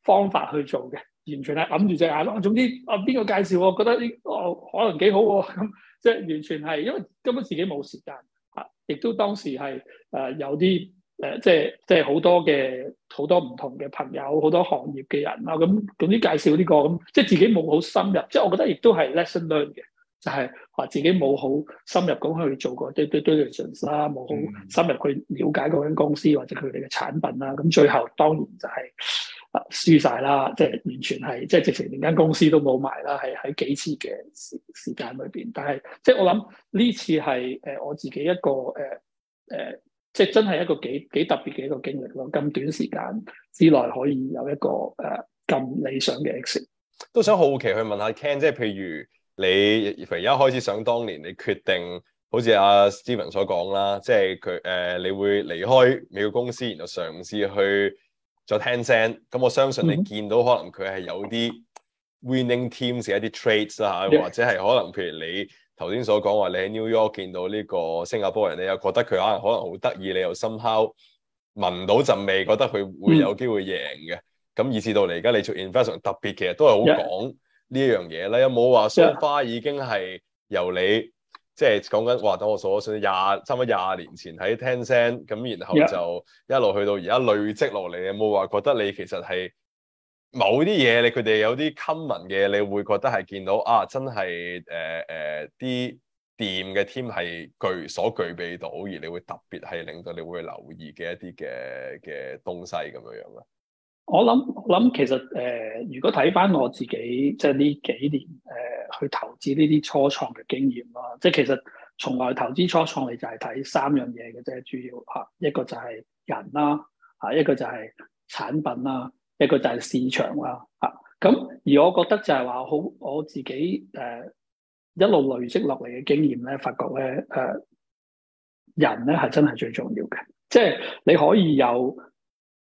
Speaker 2: 方法去做嘅。完全係揞住隻眼咯。總之啊，邊個介紹我覺得呢？哦，可能幾好喎。咁、嗯、即係完全係因為根本自己冇時間嚇，亦、啊、都當時係誒有啲誒即係即係好多嘅好多唔同嘅朋友，好多行業嘅人啦。咁、啊、總之介紹呢、這個咁、嗯，即係自己冇好深入。即係我覺得亦都係 lesson learned 嘅，就係、是、話、啊、自己冇好深入咁去做個 due diligence 啦，冇好、嗯、深入去了解嗰間公司或者佢哋嘅產品啦。咁、啊嗯、最後當然就係、是。啊，輸曬啦！即係完全係，即係直情連間公司都冇埋啦。係喺幾次嘅時時間裏邊，但係即係我諗呢次係誒我自己一個誒誒、呃，即係真係一個幾幾特別嘅一個經歷咯。咁短時間之內可以有一個誒咁、呃、理想嘅 ex，
Speaker 1: 都想好奇去問下 Ken，即係譬如你，譬如一開始想當年你決定，好似阿、啊、Steven 所講啦，即係佢誒，你會離開美國公司，然後嘗試去。就聽聲，咁我相信你見到可能佢係有啲 winning teams 一啲 traits 啦，或者係可能譬如你頭先所講話，你喺 New York 見到呢個新加坡人，你又覺得佢可能可能好得意，你又 somehow 聞到陣味，覺得佢會有機會贏嘅。咁 Yeah. 以至到嚟而家你做 investment 特別，其實都係好講呢樣嘢啦。Yeah. 有冇話 so far 已經係由你？即係講緊，話等我數下先，差唔多廿年前喺騰訊，咁然後就一路去到而家累積落嚟，你有冇話覺得你其實係某啲嘢，你佢哋有啲 common 嘅，你會覺得係見到啊，真係誒誒啲店嘅 team 係佢所具備到，而你會特別係令到你會留意嘅一啲嘅嘅東西咁樣樣啊？
Speaker 2: 我諗，諗其實誒、呃，如果睇翻我自己，即係呢幾年誒、呃，去投資呢啲初創嘅經驗啦，即係其實從來投資初創，你就係睇三樣嘢嘅啫，主要吓一個就係人啦，吓一個就係產品啦，一個就係市場啦，吓、啊、咁。而我覺得就係話好，我自己誒、呃、一路累積落嚟嘅經驗咧，發覺咧誒、呃，人咧係真係最重要嘅，即係你可以有。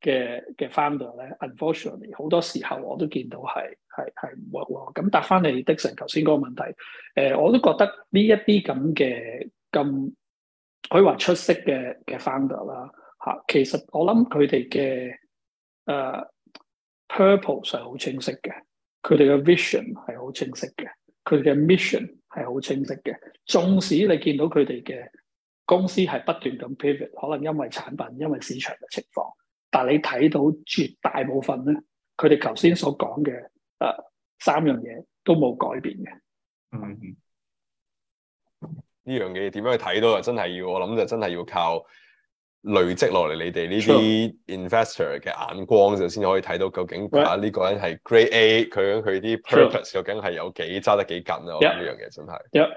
Speaker 2: 嘅嘅 founder 咧，unfortunately 好多時候我都見到係係係唔 work 喎。咁答翻你廸生頭先嗰個問題，誒、呃、我都覺得呢一啲咁嘅咁可以話出色嘅嘅 founder 啦吓，其實我諗佢哋嘅，誒、呃、purpose 係好清晰嘅，佢哋嘅 vision 係好清晰嘅，佢哋嘅 mission 係好清晰嘅。縱使你見到佢哋嘅公司係不斷咁 pivot，可能因為產品、因為市場嘅情況。但係你睇到絕大部分咧，佢哋頭先所講嘅誒三樣嘢都冇改變嘅。嗯，
Speaker 1: 呢、嗯、樣嘢點樣去睇到啊？真係要我諗就真係要，要靠累積落嚟，你哋呢啲 investor 嘅眼光就先可以睇到究竟啊呢個人係 Grade A，佢佢啲 purpose 究竟係有幾揸得幾緊啊？呢、嗯、樣嘢真係。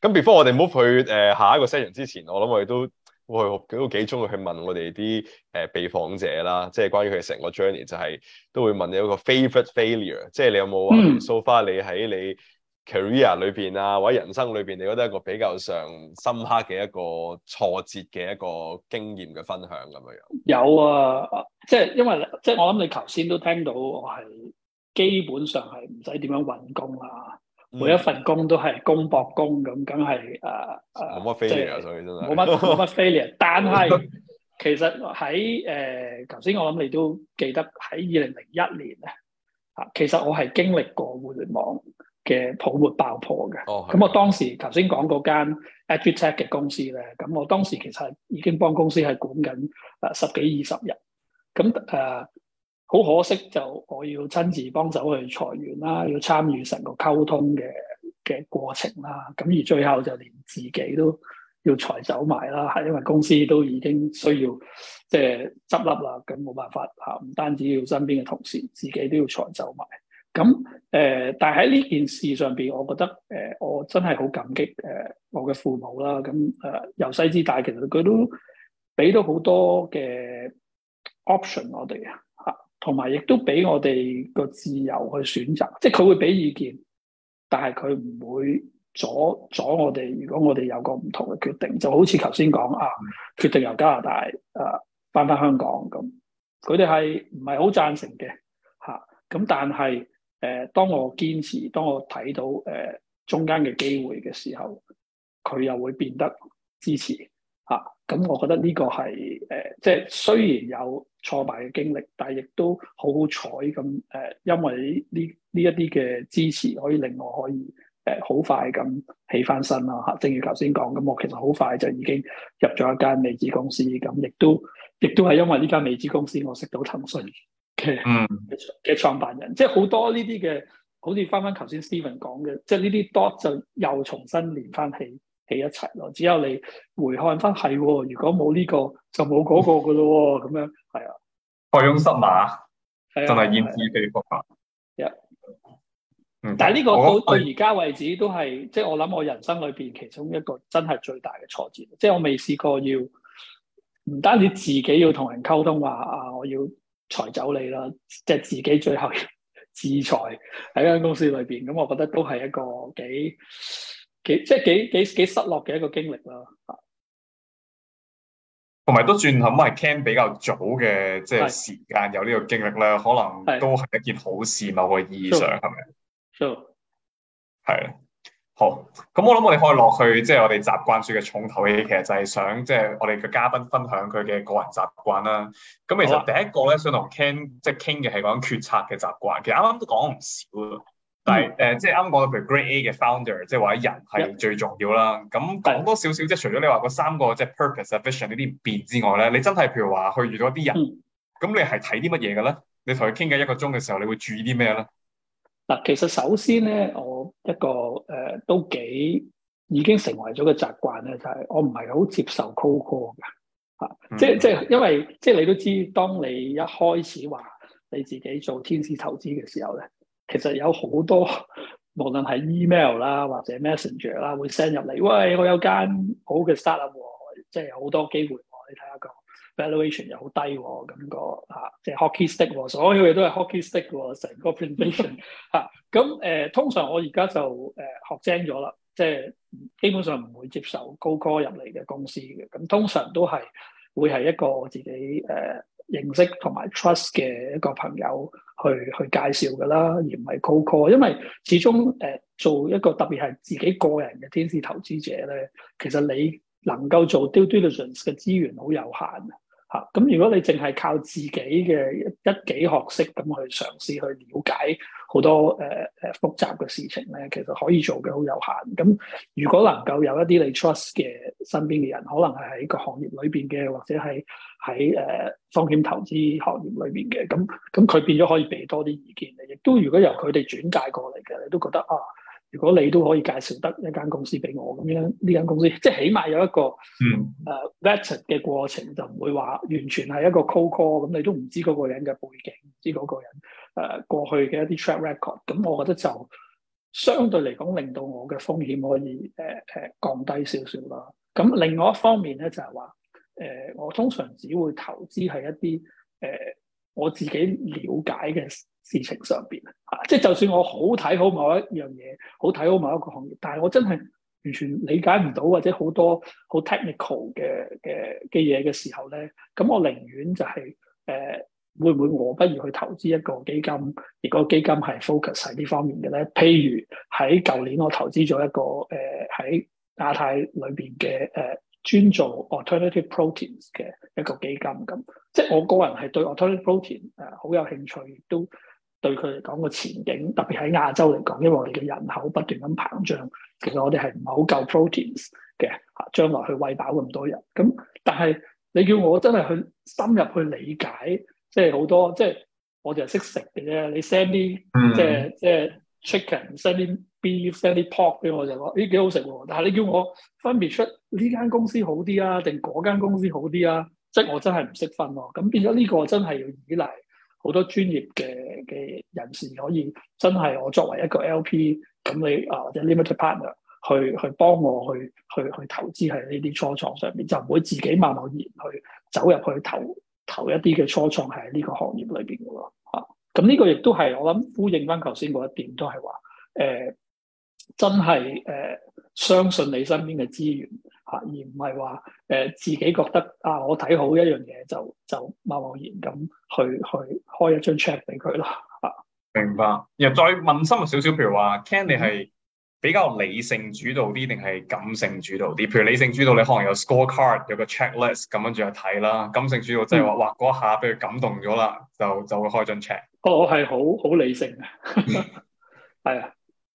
Speaker 1: 咁別況，我哋唔好去誒、呃、下一個 session 之前，我諗我哋都。我係都幾中意去問我哋啲誒被訪者啦，即係關於佢成個 journey，就係都會問你一個 favorite failure，即係你有冇話 so far 你喺你 career 裏邊啊，或者人生裏邊，你覺得一個比較上深刻嘅一個挫折嘅一個經驗嘅分享咁樣
Speaker 2: 樣。有啊，即、啊、係、就係、因為即係、就係、我諗你頭先都聽到我係基本上係唔使點樣揾工啊。每一份工都係公博工咁，梗係啊，啊，冇乜 failure，
Speaker 1: 所以真係冇乜冇
Speaker 2: 乜 failure。 但係其實喺誒頭先我諗你都記得喺二零零一年啊，嚇，其實我係經歷過互聯網嘅泡沫爆破嘅。咁、哦、我當時頭先講嗰間 a d j e c t 嘅公司咧，咁我當時其實已經幫公司係管緊啊十幾二十日，咁誒。呃好可惜就我要親自幫手去裁員啦，要參與成個溝通嘅嘅過程啦，咁而最後就連自己都要裁走埋啦，係因為公司都已經需要即係執笠啦，咁冇辦法吓，唔單止要身邊嘅同事，自己都要裁走埋。咁誒、呃，但喺呢件事上面，我覺得誒、呃，我真係好感激誒、呃，我嘅父母啦，咁、呃、誒由細至大，其實佢都俾到好多嘅 option 我哋啊。同埋，亦都俾我哋個自由去選擇，即係佢會俾意見，但係佢唔會阻阻我哋。如果我哋有個唔同嘅決定，就好似頭先講啊，決定由加拿大啊翻返香港咁，佢哋係唔係好贊成嘅吓？咁、啊、但係誒、呃，當我堅持，當我睇到誒、呃、中間嘅機會嘅時候，佢又會變得支持吓。咁、啊嗯、我覺得呢個係誒、呃，即係雖然有挫敗嘅經歷，但係亦都好好彩咁誒，因為呢呢一啲嘅支持可以令我可以誒好、呃、快咁起翻身啦嚇。正如頭先講咁，我其實好快就已經入咗一間美資公司，咁亦都亦都係因為呢間美資公司，我識到騰訊嘅嘅嘅創辦人，即係好多呢啲嘅，好似翻翻頭先 Stephen 講嘅，即係呢啲 dots 就又重新連翻起。起一齊咯，只有你回看翻係、啊，如果冇呢、這個就冇嗰個噶咯，咁 樣係啊，
Speaker 3: 塞翁失馬，真係焉知非福啊！啊嗯、但係、這、呢個我到對而
Speaker 2: 家為止都係，即係我諗我人生裏邊其中一個真係最大嘅挫折，即係我未試過要唔單止自己要同人溝通話啊，我要裁走你啦，即係自己最後自裁喺間公司裏邊，咁、嗯、我覺得都係一個幾。
Speaker 3: 幾即係幾幾幾失落嘅一個經歷咯，同埋都算係咪？Ken 比較早嘅即係時間有呢個經歷啦，是可能都係一件好事，某個意義上係咪？係啦吧，好，咁我諗我哋可以落去，即係我哋習慣說嘅重頭戲，其實就係想即係我哋嘅嘉賓分享佢嘅個人習慣啦。咁其實第一個咧，想同 Ken 即係傾嘅係講決策嘅習慣，其實啱啱都講唔少但係，誒，即係啱講到，譬如 Grade A 嘅 founder，即係話啲人係最重要啦。咁講、嗯、多少少，即係、嗯、除咗你話嗰三個即係、就是、purpose、vision 呢啲唔變之外咧，你真係譬如話去遇到一啲人，咁、嗯、你係睇啲乜嘢嘅咧？你同佢傾緊一個鐘嘅時候，你會注意啲咩咧？嗱，
Speaker 2: 其實首先咧，我一個誒、呃、都幾已經成為咗個習慣咧，就係我唔係好接受 cold call 嘅，嚇、啊嗯，即係即係因為即係你都知，當你一開始話你自己做天使投資嘅時候咧。其實有好多，無論係 email 啦，或者 Messenger 啦，會 send 入嚟。喂，我有間好嘅 startup，哦、即係好多機會、哦。你睇下個 valuation 又好低、哦，咁、那個吓，即係 Hockey Stick，哦、所有嘢都係 Hockey Stick，成、哦、個 presentation 吓。咁誒、 啊呃，通常我而家就誒、呃、學精咗啦，即係基本上唔會接受 cold call 入嚟嘅公司嘅。咁通常都係會係一個自己誒、呃、認識同埋 trust 嘅一個朋友。去去介紹嘅啦，而唔係 coco，因為始終誒、呃、做一個特別係自己個人嘅天使投資者咧，其實你能夠做 due diligence 嘅資源好有限啊嚇，咁如果你淨係靠自己嘅一己學識咁去嘗試去了解，好多誒誒、呃、複雜嘅事情咧，其實可以做嘅好有限。咁如果能夠有一啲你 trust 嘅身邊嘅人，可能係喺個行業裏邊嘅，或者係喺誒風險投資行業裏邊嘅，咁咁佢變咗可以俾多啲意見。亦都如果由佢哋轉介過嚟嘅，你都覺得啊，如果你都可以介紹得一間公司俾我咁樣，呢間公司即係起碼有一個誒 vet 嘅過程，就唔會話完全係一個 cold call 咁，你都唔知嗰個人嘅背景，唔知嗰個人。誒過去嘅一啲 track record，咁我覺得就相對嚟講，令到我嘅風險可以誒誒、呃呃、降低少少啦。咁另外一方面咧，就係話誒，我通常只會投資喺一啲誒、呃、我自己了解嘅事情上邊啊。即係就算我好睇好某一樣嘢，好睇好某一個行業，但係我真係完全理解唔到，或者好多好 technical 嘅嘅嘅嘢嘅時候咧，咁我寧願就係、是、誒。呃會唔會我不如去投資一個基金，而嗰個基金係 focus 喺呢方面嘅咧？譬如喺舊年我投資咗一個誒喺亞太裏邊嘅誒專做 alternative proteins 嘅一個基金咁，即係我個人係對 alternative proteins 誒好有興趣，亦都對佢嚟講個前景，特別喺亞洲嚟講，因為我哋嘅人口不斷咁膨脹，其實我哋係唔係好夠 proteins 嘅，吓將來去餵飽咁多人。咁但係你叫我真係去深入去理解。即係好多，即係我，、嗯、我，我就係識食嘅啫。你 send 啲即係即係 chicken，send 啲 beef，send 啲 pork 俾我，就話咦幾好食喎。但係你叫我分別出呢間公司好啲啊，定嗰間公司好啲啊？即係我真係唔識分咯、啊。咁變咗呢個真係要依賴好多專業嘅嘅人士可以真係我作為一個 L.P. 咁你啊，或者 limited partner 去去幫我去去去投資喺呢啲初創上面，就唔會自己貿貿然去走入去投。投一啲嘅初創係喺呢個行業裏邊嘅喎嚇。咁、啊、呢、這個亦都係我諗呼應翻頭先嗰一點，都係話誒真係誒、呃、相信你身邊嘅資源嚇、啊，而唔係話誒自己覺得啊我睇好一樣嘢就就貿貿然咁去去開一張 check 俾
Speaker 3: 佢啦嚇。啊、明白。然後再問深入少少，譬如話 Ken 你係。比較理性主導啲定係感性主導啲？譬如理性主導，你可能有 scorecard，有個 checklist 咁樣再睇啦。感性主導就係話，哇、嗯，嗰下畀佢感動咗啦，就就會開張 check。我我係好好理性啊，係 啊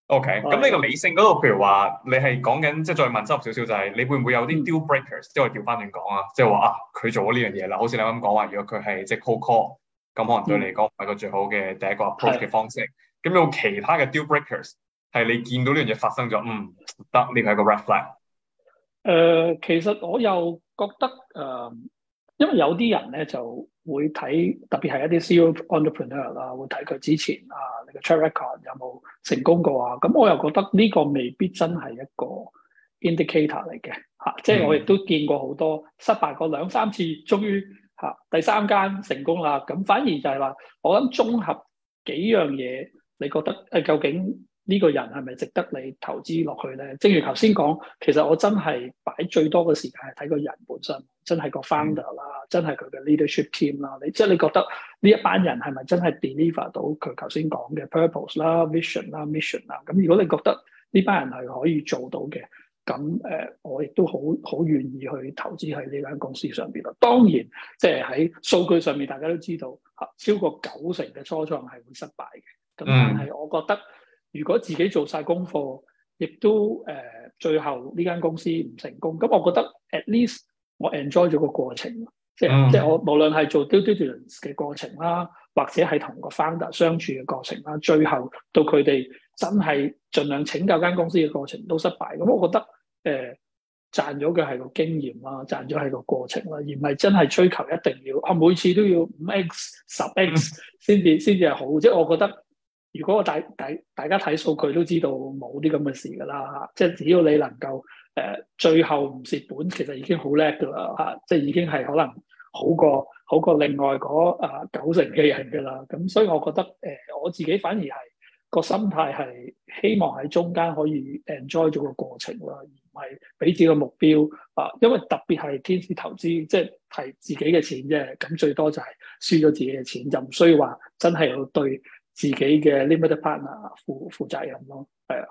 Speaker 3: Okay,、嗯。OK，咁呢個理性嗰度，譬如話你係講緊，即、就、係、是、再問深入少少就係、是，你會唔會有啲 deal breakers？即我調、嗯、翻轉講啊，即係話啊，佢做咗呢樣嘢啦，好似你啱啱講話，如果佢係即 call call，咁可能對你嚟講唔係個最好嘅第一個 approach 嘅方式。咁的有，有其他嘅 deal breakers？係你見到呢樣嘢發生咗，嗯得，呢個係一個 red flag。
Speaker 2: 誒、呃，其實我又覺得誒、呃，因為有啲人咧就會睇，特別係一啲 CEO entrepreneur 啊，會睇佢之前啊，你個 track record 有冇成功過啊。咁我又覺得呢個未必真係一個 indicator 嚟嘅嚇、啊，即係我亦都見過好多失敗過兩三次，終於嚇第三間成功啦。咁、啊、反而就係、是、話，我諗綜合幾樣嘢，你覺得誒、啊、究竟？呢個人係咪值得你投資落去咧？正如頭先講，其實我真係擺最多嘅時間係睇個人本身，真係個 founder 啦、嗯，真係佢嘅 leadership team 啦。你即係你覺得呢一班人係咪真係 deliver 到佢頭先講嘅 purpose 啦、vision 啦、mission 啦？咁如果你覺得呢班人係可以做到嘅，咁誒、呃，我亦都好好願意去投資喺呢間公司上邊啦。當然，即係喺數據上面，大家都知道嚇，超過九成嘅初創係會失敗嘅。咁但係我覺得。如果自己做晒功課，亦都誒、呃、最後呢間公司唔成功，咁我覺得 at least 我、嗯、我 enjoy 咗、呃、個、個過程，即係即係我無論係做 due diligence 嘅過程啦，或者係同個 founder 相處嘅過程啦，最後到佢哋真係盡量請教間公司嘅過程都失敗，咁我覺得誒賺咗嘅係個經驗啦，賺咗係個過程啦，而唔係真係追求一定要啊每次都要五 x 十 x 先至先至係好，即係我覺得。如果大大大家睇數據都知道冇啲咁嘅事㗎啦，即、啊、係只要你能夠誒、呃、最後唔蝕本，其實已經好叻㗎啦嚇，即係已經係可能好過好過另外嗰、啊、九成嘅人㗎啦。咁、啊、所以我覺得誒、呃、我自己反而係個心態係希望喺中間可以 enjoy 咗個過程啦，而唔係俾自己個目標啊。因為特別係天使投資，即、就、係、是、提自己嘅錢啫，咁最多就係輸咗自己嘅錢，就唔需要話真係要對，自己嘅 limit partner 負負責任咯，係
Speaker 3: 啊。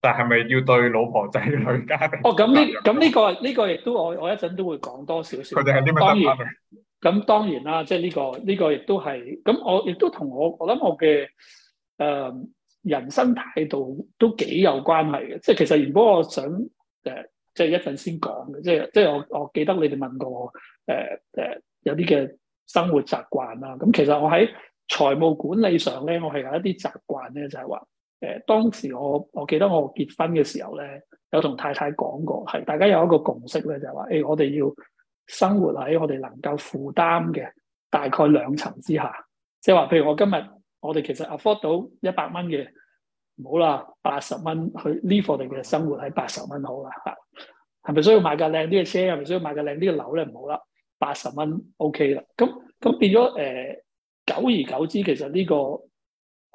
Speaker 3: 但係咪要對老婆仔女家庭？哦，
Speaker 2: 咁呢咁呢個呢個亦都我我一陣都會講多少少。佢哋係 limit partner。咁當然啦，即係呢個呢個亦都係咁，我亦都同我我諗我嘅誒人生態度都幾有關係嘅。即係其實如果我想誒，即係一陣先講嘅，即係即係我我記得你哋問過我誒誒有啲嘅生活習慣啦。咁其實我喺財務管理上咧，我係有一啲習慣咧，就係話誒當時我我記得我結婚嘅時候咧，有同太太講過，係大家有一個共識咧，就係話誒我哋要生活喺我哋能夠負擔嘅大概兩層之下，即係話譬如我今日我哋其實 afford 到一百蚊嘅，唔好啦，八十蚊去 live 呢個我哋嘅生活喺八十蚊好啦嚇，係咪需要買架靚啲嘅車？係咪需要買架靚啲嘅樓咧？唔好啦，八十蚊 OK 啦，咁咁變咗誒。呃久而久之，其實呢個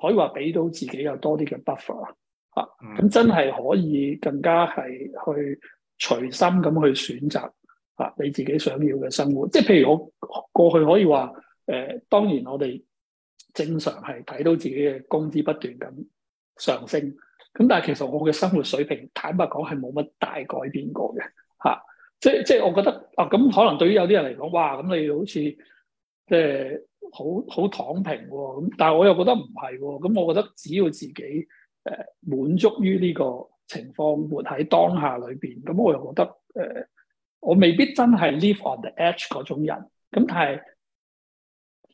Speaker 2: 可以話俾到自己有多啲嘅 buffer 啊，
Speaker 3: 咁真係
Speaker 2: 可以更加係去隨心咁去選擇啊，你自己想要嘅生活。即係譬如我過去可以話誒、呃，當然我哋正常係睇到自己嘅工資不斷咁上升，咁、啊、但係其實我嘅生活水平坦白講係冇乜大改變過嘅嚇、啊。即係即係我覺得啊，咁可能對於有啲人嚟講，哇，咁你好似誒～、呃好好躺平喎、哦，咁但係我又覺得唔係喎，咁、嗯、我覺得只要自己誒、呃、滿足於呢個情況，活喺當下裏邊，咁、嗯、我又覺得誒、呃，我未必真係 live on the edge 嗰種人，咁但係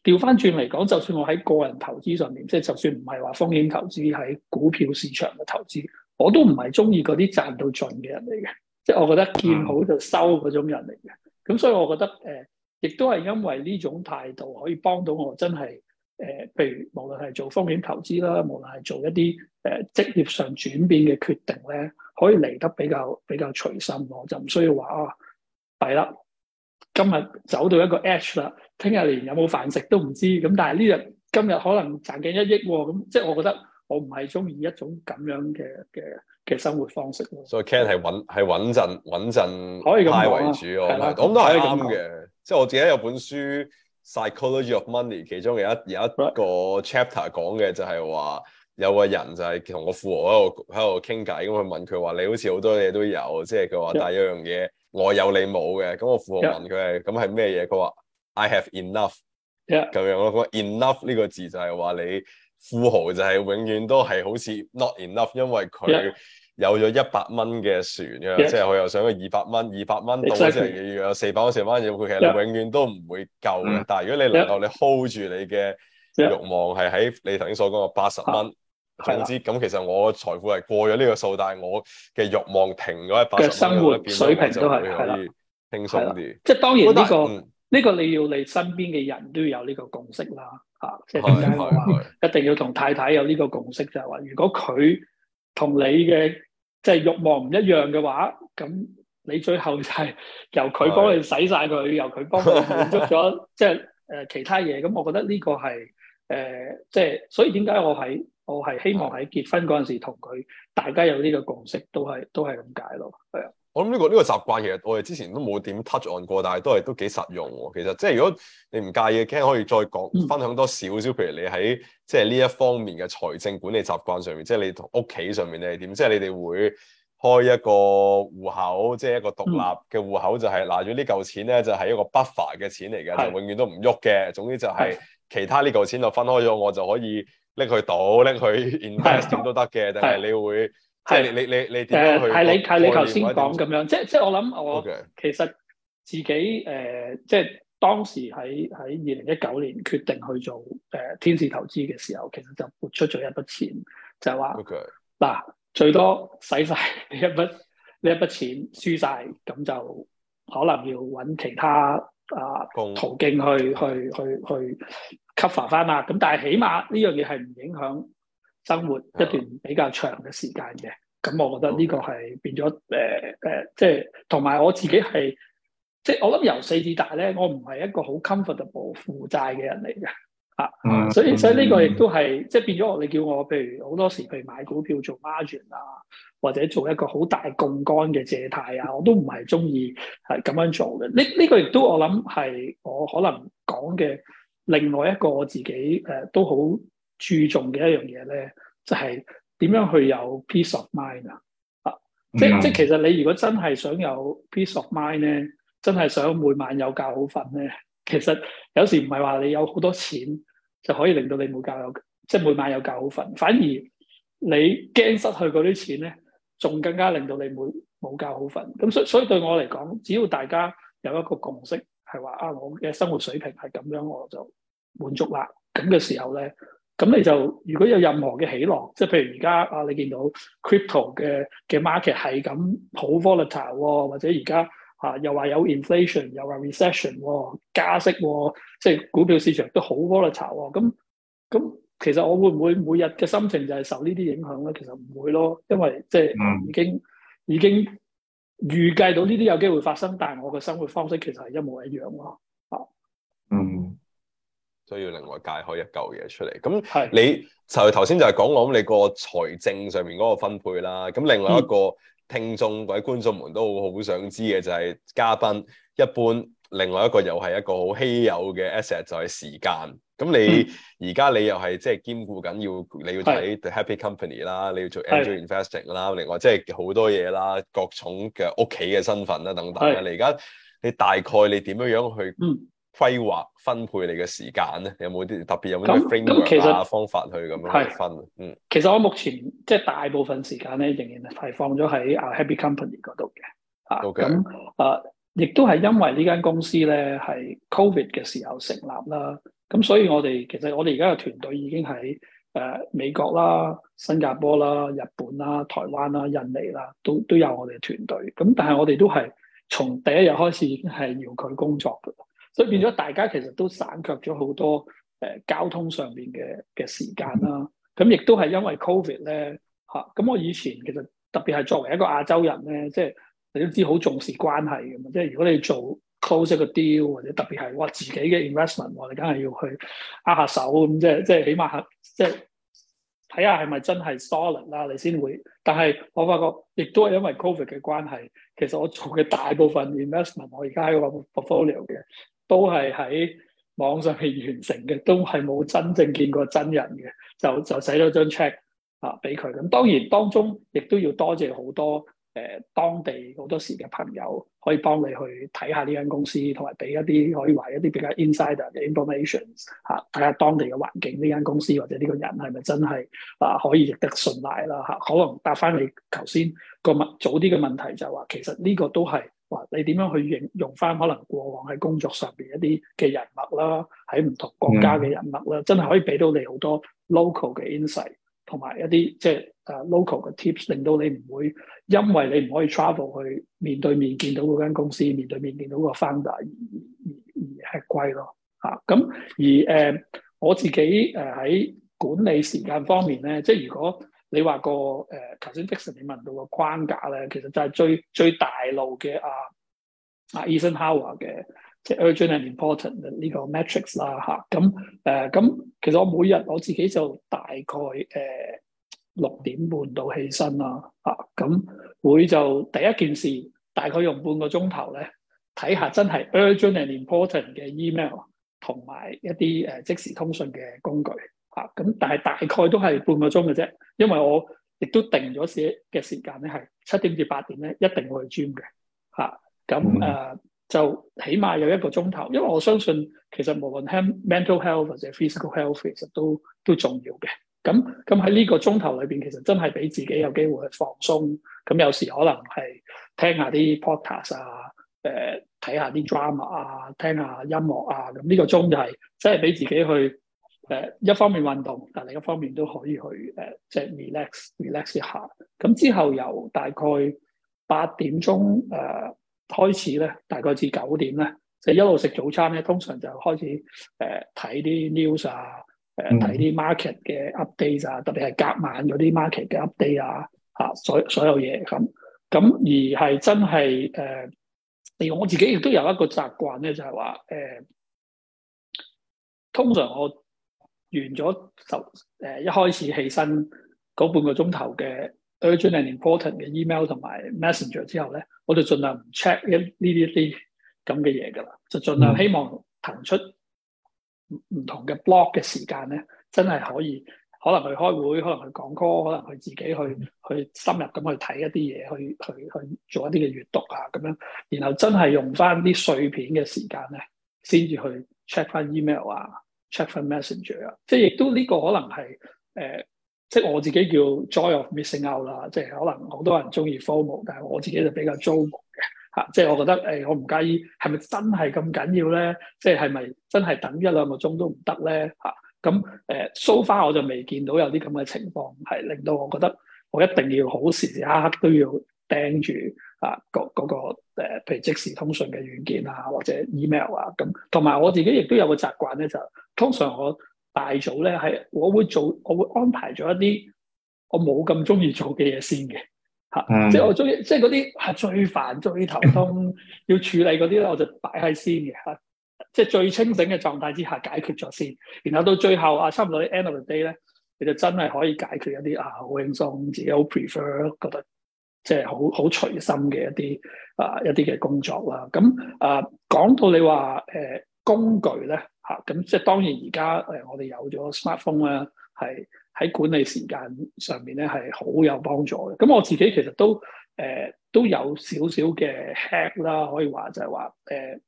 Speaker 2: 調返轉嚟講，就算我喺個人投資上面，即係，就算唔係話風險投資喺股票市場嘅投資，我都唔係中意嗰啲賺到盡嘅人嚟嘅，即係，我覺得見好就收嗰種人嚟嘅，咁、嗯、所以我覺得誒、呃亦都係因為呢種態度可以幫到我真，真係誒，譬如無論係做風險投資啦，無論係做一啲誒、呃、職業上轉變嘅決定咧，可以嚟得比較比較隨心，我就唔需要話啊，弊啦，今日走到一個 H 啦，聽日連有冇飯食都唔知，咁但係呢日今日可能賺緊一億喎，咁即係我覺得我唔係中意一種咁樣嘅嘅
Speaker 1: 嘅生活方式。Fields，嗯、所以 Ken 係穩係穩陣，穩陣可以咁係為主咯，咁都係咁嘅。即係我自己有本書《Psychology of Money》，其中有一有一個 chapter 講嘅就係話有個人就係同個富豪喺度喺度傾偈，咁佢問佢話：你好似好多嘢都有，即係佢話，但有一有樣嘢我有你冇嘅。咁個富豪問佢係咁係咩嘢？佢話 Yeah.：I have enough 咁樣咯。咁 Yeah. Enough 呢個字就係話你富豪就係永遠都係好似 not enough，因為佢。Yeah. 有咗一百蚊嘅船，咁即係我又想去二百蚊，二百蚊到咗之後要有四百蚊，四百蚊要佢，其實你永遠都唔會夠嘅。但係如果你能夠你 hold 住你嘅欲望，係喺你頭先所講嘅八十蚊，總之咁其實我財富係過咗呢個數，但係我嘅欲望停咗喺八十蚊，生活水平都係可以輕鬆啲。即係當然呢
Speaker 2: 個呢個你要你身邊嘅人都要有呢個共識啦，嚇，即係點解一定要同太太有呢個共識，就係話如果佢同你嘅即係欲望唔一樣嘅話，咁你最後就係由佢幫你洗晒佢，的由佢幫你滿足咗， 即係誒其他嘢。咁我覺得呢個係誒、呃、即係，所以點解我係我係希望喺結婚嗰陣時同佢大家有呢個共識，都係都係咁解咯，係啊。
Speaker 1: 我諗呢、呢個呢、呢個習慣其，其實我哋之前都冇點 touch on 過，但係都係都幾實用。其實即係如果你唔介意，Ken、嗯、可以再講分享多少少。譬如你喺即係呢一方面嘅財政管理習慣上面，即係你同屋企上面你係點？即係你哋會開一個戶口，即係一個獨立嘅戶口，就係嗯，就係拿住呢嚿錢咧，就係一個 buffer 嘅錢嚟嘅，是就永遠都唔喐嘅。總之就係其他呢嚿錢就分開咗，我就可以拎佢賭、拎佢 invest 咁都得嘅。但係是你會。即係你你你你點你係你頭先講
Speaker 2: 咁樣，即即我諗我其實自己誒，即係當時喺喺二零一九年決定去做誒天使投資嘅時候，其實就撥出咗一筆錢，就話嗱，最多使曬呢一筆呢一筆錢輸晒，咁就可能要揾其他啊途徑去去去去 cover 翻啦。咁但係起碼呢樣嘢係唔影響。生活一段比較長嘅時間嘅，咁我覺得呢個係變咗誒誒，即係同埋我自己係即係我諗由細至大咧，我唔係一個好 comfortable 負債嘅人嚟嘅
Speaker 3: 嚇，所以所
Speaker 2: 以呢個亦都係即係變咗我你叫我譬如好多時譬如買股票做 margin 啊，或者做一個好大槓桿嘅借貸啊，我都唔係中意係咁樣做嘅。呢呢、呢個亦都我諗係我可能講嘅另外一個我自己誒、呃、都好。注重嘅一樣嘢咧，就係、是、點樣去有 peace of mind 啊？啊，mm hmm. 即即其實你如果真係想有 peace of mind 咧，真係想每晚有覺好瞓咧，其實有時唔係話你有好多錢就可以令到你每覺有即每晚有覺好瞓，反而你驚失去嗰啲錢咧，仲更加令到你每冇覺好瞓。咁所以所以對我嚟講，只要大家有一個共識，係話啊，我嘅生活水平係咁樣，我就滿足啦。咁嘅時候咧。咁你就如果有任何嘅起落，即係譬如而家啊，你見到 crypto 嘅嘅 market 係咁好 volatile 喎，或者而家嚇又話有 inflation，又話 recession 加息喎，即係股票市場都好 volatile 喎。咁咁其實我會唔會每日嘅心情就係受呢啲影響咧？其實唔會咯，因為即係已經、mm hmm. 已經預計到呢啲有機會發生，但係我嘅生活方式其實係一模一樣咯。啊，嗯、mm。Hmm.
Speaker 1: 需要另外界開一嚿嘢出嚟，咁你是就係頭先就係講我咁，你個財政上面嗰個分配啦。咁另外一個聽眾或者、嗯、觀眾們都好想知嘅就係嘉賓一般，另外一個又係一個好稀有嘅 asset 就係時間。咁你而家、嗯、你又係即係兼顧緊要你要睇 The Happy Company 啦，你要, Company, 是你要做 Angel Investing 啦是，另外即係好多嘢啦，各種嘅屋企嘅身份啦等等啦。是你而家你大概你點樣樣去？嗯規劃分配你嘅時間咧，有冇啲特別有冇啲 framework 啊方法去咁樣分？嗯，
Speaker 2: 其實我目前即係、就是、大部分時間咧，仍然係放咗喺啊 Happy Company 嗰度嘅啊。咁啊 Okay.、呃，亦都係因為呢間公司咧係 Covid 嘅時候成立啦。咁所以我哋其實我哋而家嘅團隊已經喺誒、呃、美國啦、新加坡啦、日本啦、台灣啦、印尼啦，都都有我哋嘅團隊。咁但係我哋都係從第一日開始已經係遙距工作嘅。所以變咗大家其實都省卻咗好多誒、呃、交通上邊嘅嘅時間啦。咁亦都係因為 Covid 咧嚇。咁、啊、我以前其實特別係作為一個亞洲人咧，即係你都知好重視關係咁嘛。即係如果你做 close 嘅、like、deal 或者特別係我自己嘅 investment，我哋梗係要去握下手咁，即係即係起碼即係睇下係咪真係 solid 啦，你先會。但係我發覺亦都係因為 Covid 嘅關係，其實我做嘅大部分 investment 我而家喺個 portfolio 嘅。都係喺網上面完成嘅，都係冇真正見過真人嘅，就就寫咗張 check 啊俾佢咁。當然當中亦都要多謝好多誒當地好多時嘅朋友，可以幫你去睇下呢間公司，同埋俾一啲可以話一啲比較 insider 嘅 information 嚇、啊，睇下當地嘅環境，呢間公司或者呢個人係咪真係啊可以值得信賴啦嚇、啊。可能答翻你頭先個問早啲嘅問題就，就話其實呢個都係。你點樣去應用翻可能過往喺工作上邊一啲嘅人脈啦，喺唔同國家嘅人脈啦，真係可以俾到你好多 local 嘅 insight，同埋一啲即係誒 local 嘅 tips，令到你唔會因為你唔可以 travel 去面對面見到嗰間公司，面對面見到個 founder 而而而食虧咯嚇。咁而誒、呃、我自己誒喺管理時間方面咧，即係如果。你話個誒頭先 Dixon 你問到個框架咧，其實就係最最大路嘅啊啊 Eisenhower 嘅即係 urgent and important 呢個 matrix 啦嚇。咁誒咁其實我每日我自己就大概誒六點半到起身啦啊，咁、啊、會就第一件事大概用半個鐘頭咧，睇下真係 urgent and important 嘅 email 同埋一啲誒、呃、即時通訊嘅工具。嚇咁、啊，但係大概都係半個鐘嘅啫，因為我亦都定咗時嘅時間咧，係七點至八點咧，一定會去 gym 嘅。嚇咁誒，就起碼有一個鐘頭，因為我相信其實無論聽 mental health 或者 physical health，其實都都重要嘅。咁咁喺呢個鐘頭裏邊，其實真係俾自己有機會去放鬆。咁有時可能係聽下啲 podcast 啊，誒睇下啲 drama 啊，聽下音樂啊。咁呢個鐘就係真係俾自己去。誒、uh, 一方面運動，但另一方面都可以去誒即係 relax、relax 一下。咁之後由大概八點鐘誒、uh, 開始咧，大概至九點咧，就、一路食早餐咧，通常就開始誒睇啲 news 啊，誒睇啲 market 嘅 update 啊，啊嗯、特別係隔晚嗰啲 market 嘅 update 啊，嚇、啊、所所有嘢咁。咁而係真係誒，uh, 我自己亦都有一個習慣咧，就係話誒，uh, 通常我。完咗就誒、呃、一開始起身嗰、那個、半個鐘頭嘅 urgent and important 嘅 email 同埋 message 之後咧，我就盡量唔 check 一呢啲啲咁嘅嘢㗎啦，就盡量希望騰出唔同嘅 block 嘅時間咧，真係可以可能去開會，可能去講歌，可能去自己去去深入咁去睇一啲嘢，去去去做一啲嘅閱讀啊咁樣，然後真係用翻啲碎片嘅時間咧，先至去 check 翻 email 啊。check 翻 messenger 啊，即係亦都呢個可能係，誒、呃，即係我自己叫 joy of missing out 啦，即係可能好多人中意 FOMO，但係我自己就比較 JOMO 嘅，吓、啊，即係我覺得誒、呃，我唔介意，係咪真係咁緊要咧？即係係咪真係等一兩個鐘都唔得咧？吓、啊，咁誒、呃、so far 我就未見到有啲咁嘅情況係令到我覺得我一定要好時時刻刻都要。盯住啊，嗰嗰個誒，譬如即時通訊嘅軟件啊，或者 email 啊，咁同埋我自己亦都有個習慣咧，就通常我大早咧係我會做，我會安排咗一啲我冇咁中意做嘅嘢先嘅，吓、啊，即係我中意，即係嗰啲係最煩、最頭痛要處理嗰啲咧，我就擺喺先嘅，吓、啊，即係最清醒嘅狀態之下解決咗先，然後到最後啊，差唔多啲 end of the day 咧，你就真係可以解決一啲啊，好輕鬆，自己好 prefer 覺得。即係好好隨心嘅一啲啊一啲嘅工作啦，咁啊講到你話誒、呃、工具咧嚇，咁即係當然而家誒我哋有咗 smartphone 咧，係喺管理時間上面咧係好有幫助嘅。咁我自己其實都誒、呃、都有少少嘅 hack 啦，可以話就係話誒，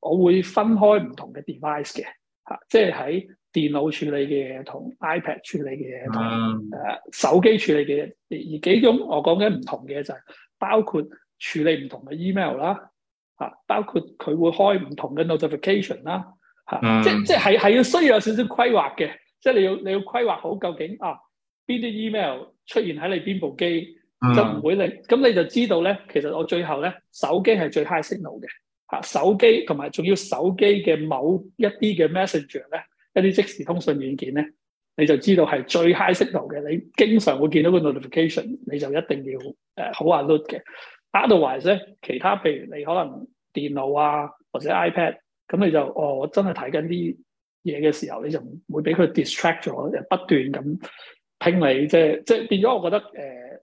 Speaker 2: 我會分開唔同嘅 device 嘅嚇，即係喺。就是電腦處理嘅嘢同 iPad 處理嘅嘢同誒手機處理嘅嘢，嗯、而幾種我講緊唔同嘅嘢就係包括處理唔同嘅 email 啦吓，包括佢會開唔同嘅 notification 啦、啊、吓、嗯，即即係係要需要有少少規劃嘅，即係你要你要規劃好究竟啊邊啲 email 出現喺你邊部機、嗯、就唔會你咁你就知道咧，其實我最後咧手機係最 high signal 嘅吓、啊，手機同埋仲要手機嘅某一啲嘅 message 咧。一啲即時通訊軟件咧，你就知道係最 high signal 嘅。你經常會見到個 notification，你就一定要誒好、呃、alert 嘅。Otherwise 咧，其他譬如你可能電腦啊，或者 iPad，咁你就哦，我真係睇緊啲嘢嘅時候，你就會俾佢 distract 咗，不斷咁聽你。即係、即係、變咗，我覺得誒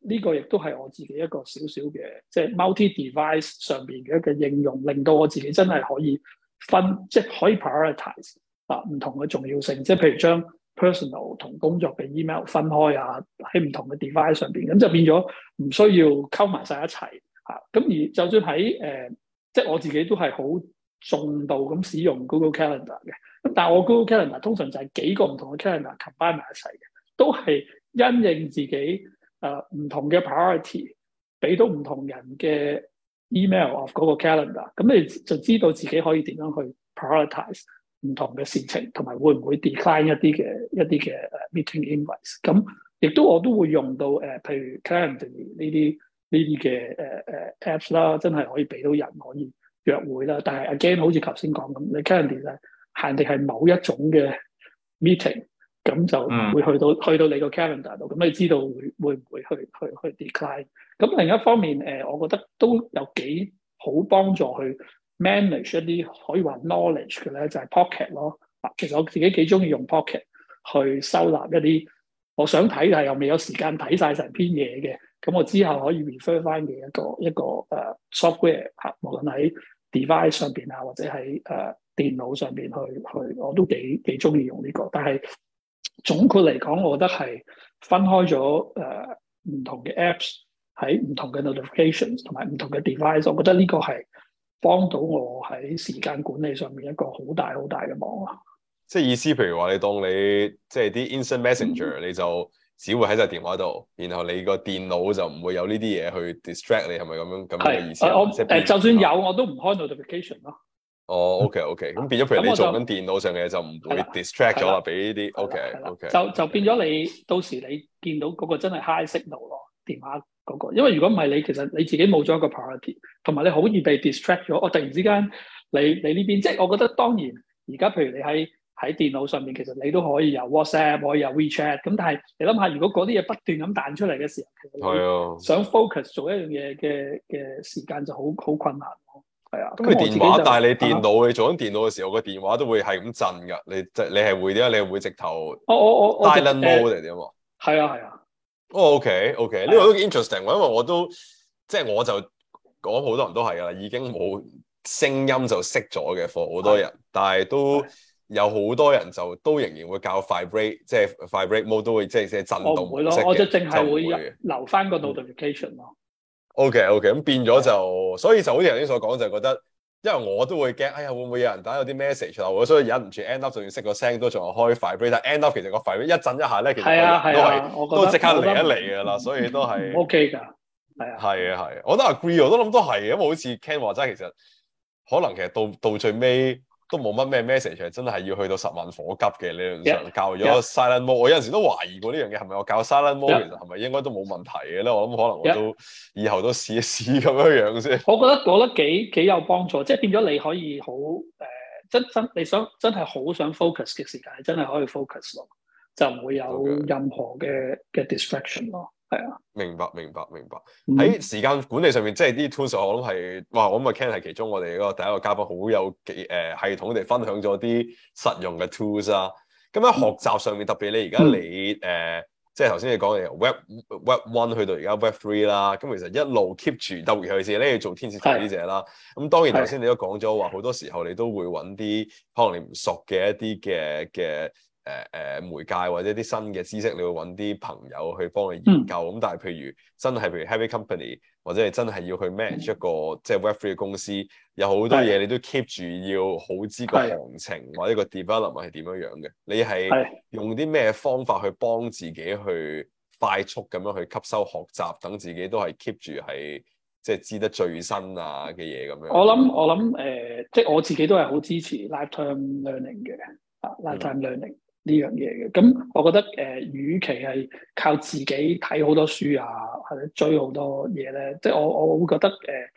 Speaker 2: 呢個亦都係我自己一個少少嘅，即係 multi device 上邊嘅一個應用，令到我自己真係可以分，即係可以 prioritize 啊，唔同嘅重要性，即係譬如將 personal 同工作嘅 email 分開啊，喺唔同嘅 device 上邊，咁就變咗唔需要溝埋晒一齊嚇。咁、啊、而就算喺誒、呃，即係我自己都係好重度咁使用 Google Calendar 嘅。咁但係我 Google Calendar 通常就係幾個唔同嘅 Calendar combine 埋一齊嘅，都係因應自己誒唔、呃、同嘅 priority，俾到唔同人嘅 email of 嗰個 calendar，咁你就知道自己可以點樣去 prioritize。唔同嘅事情，同埋會唔會 decline 一啲嘅一啲嘅誒 meeting invites？咁亦都我都會用到誒、呃，譬如 calendar 呢啲呢啲嘅誒誒 apps 啦，呃、apps，真係可以俾到人可以約會啦。但係 again，好似頭先講咁，你 calendar 咧限定係某一種嘅 meeting，咁就會去到、嗯、去到你個 calendar 度，咁你知道會會唔會去去去 decline？咁另一方面誒、呃，我覺得都有幾好幫助去。manage 一啲可以話 knowledge 嘅咧，就係、是、pocket 咯。啊，其實我自己幾中意用 pocket 去收納一啲我想睇，但係又未有時間睇晒成篇嘢嘅。咁我之後可以 refer 翻嘅一個一個誒、uh, software 啊，無論喺 device 上邊啊，或者喺誒、uh, 電腦上邊去去，我都幾幾中意用呢、這個。但係總括嚟講，我覺得係分開咗誒唔同嘅 apps 喺唔同嘅 notifications 同埋唔同嘅 device。我覺得呢個係。幫到我喺時間管理上面一個好大好大嘅忙啊。
Speaker 1: 即係意思，譬如話你當你即係啲 Instant Messenger，你就只會喺晒電話度，然後你個電腦就唔會有呢啲嘢去 distract 你，係咪咁樣咁嘅意思？係，我誒就算有，
Speaker 2: 我都唔開 notification 咯。
Speaker 1: 哦，OK，OK，咁變咗，譬如你做緊電腦上嘅嘢就唔會 distract 咗啦，俾呢啲 OK，OK。就就
Speaker 2: 變咗你到時你見到嗰個真係 high signal 咯，電話。嗰個，因為如果唔係你，其實你自己冇咗一個 priority，同埋你好易被 distract 咗。我突然之間，你你呢邊，即係我覺得當然，而家譬如你喺喺電腦上面，其實你都可以有 WhatsApp，可以有 WeChat。咁但係你諗下，如果嗰啲嘢不斷咁彈出嚟嘅時候，係啊，想 focus 做一樣嘢嘅嘅時間就好好困難。係啊，咁你電話帶你電
Speaker 1: 腦，的你做緊電腦嘅時候，個電話都會係咁震㗎。你即係你係會點啊？你會，你會，你會直頭？我
Speaker 2: 我我我。silent mode 定
Speaker 1: 點啊？係啊係啊。哦，OK，OK，呢個都 interesting。我、okay, okay. Yeah. 因為我都即係我就講好多人都係噶啦，已經冇聲音就熄咗嘅貨，好多人。但係都有好多人就都仍然會搞 vibrate 即係 vibrate mode 都會即係即係震動。我唔會咯，我就淨係會,會
Speaker 2: 留翻個 notification 咯。Yeah.
Speaker 1: OK，OK，、okay, okay, 咁變咗就，Yeah. 所以就好似頭先所講，就係覺得。因為我都會驚，哎呀，會唔會有人打有啲 message 流啊？所以忍唔住，end up 仲要熄個聲，都仲有開 f i b r 但 end up 其實個 f i r 一震一下咧，其實都係、啊啊、都即刻嚟一嚟㗎喇，所以都係 ok 㗎，係啊，係啊係。我都 agree，我都諗都係，因為好似 Ken 話齋，其實可能其實到到最尾。都冇乜咩 message，真係要去到十萬火急嘅，理論上教咗 Silent Mode，Yeah. 我有陣時都懷疑過呢樣嘢係咪我教 Silent Mode Yeah. 其實係咪應該都冇問題嘅咧？我諗可能我都 Yeah. 以後都試一試咁樣樣先。我覺得覺得幾幾有幫助，即係變咗你可以好誒、
Speaker 2: 呃、真真你想真係好想 focus 嘅時間，真係可以 focus 咯，就唔會有任何嘅嘅 Okay. distraction 咯。
Speaker 1: 係啊，明白明白明白。喺、嗯、時間管理上面，即係啲 tools，我諗係哇，我諗阿 Ken 係其中我哋嗰個第一個嘉賓，好有幾誒、呃、系統地分享咗啲實用嘅 tools 啦。咁喺學習上面，特別你而家你誒，即係頭先你講嘅 Web Web One 去到而家 Web Three 啦，咁其實一路 keep 住特別係，尤其是你的做天使投資者呢隻啦。咁的當然頭先你都講咗話，好的的多時候你都會揾啲可能你唔熟嘅一啲嘅嘅。誒誒、呃、媒介或者啲新嘅知識，你會揾啲朋友去幫你研究。咁、嗯、但係譬如真係譬如 Happy company，或者係真係要去 manage 一個、嗯、即係 Web 3公司，有好多嘢你都 keep 住要好知個行情是或者個 development 係點樣樣嘅。你係用啲咩方法去幫自己去快速咁樣去吸收學習，等自己都係 keep 住係即係知得最新啊嘅嘢咁樣？我諗我諗誒、呃，即係我自己都係好
Speaker 2: 支持 lifetime learning 嘅啊，lifetime learning。嗯嗯呢樣嘢嘅，咁我覺得誒、呃，與其係靠自己睇好多書啊，或者追好多嘢咧，即係我我會覺得誒、呃，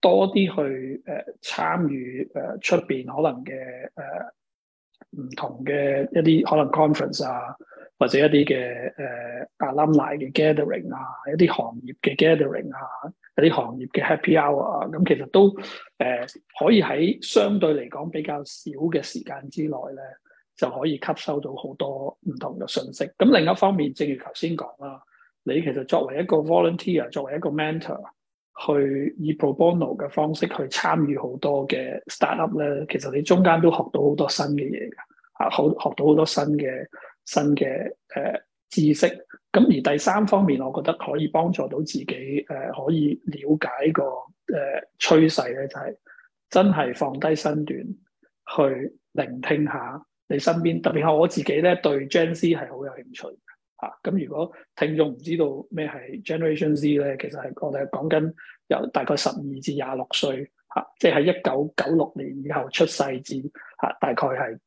Speaker 2: 多啲去誒、呃、參與誒出邊可能嘅誒唔同嘅一啲可能 conference 啊，或者一啲嘅誒、呃、alumni 嘅 gathering 啊，一啲行業嘅 gathering 啊，一啲行業嘅 happy hour 啊，咁其實都誒、呃、可以喺相對嚟講比較少嘅時間之內咧。就可以吸收到好多唔同嘅信息。咁另一方面，正如頭先講啦，你其實作為一個 volunteer，作為一個 mentor，去以 pro bono 嘅方式去參與好多嘅 startup 咧，其實你中間都學到好多新嘅嘢㗎，啊，好學到好多新嘅新嘅誒、呃、知識。咁而第三方面，我覺得可以幫助到自己誒、呃，可以了解個誒趨勢咧，呃、就係、是、真係放低身段去聆聽下。你身邊特別係我自己咧，對 Gen Z 係好有興趣吓。咁、啊、如果聽眾唔知道咩係 Generation Z 咧，其實係我哋係講緊由大概十二至廿六歲吓，即係一九九六年以後出世至吓、啊，大概係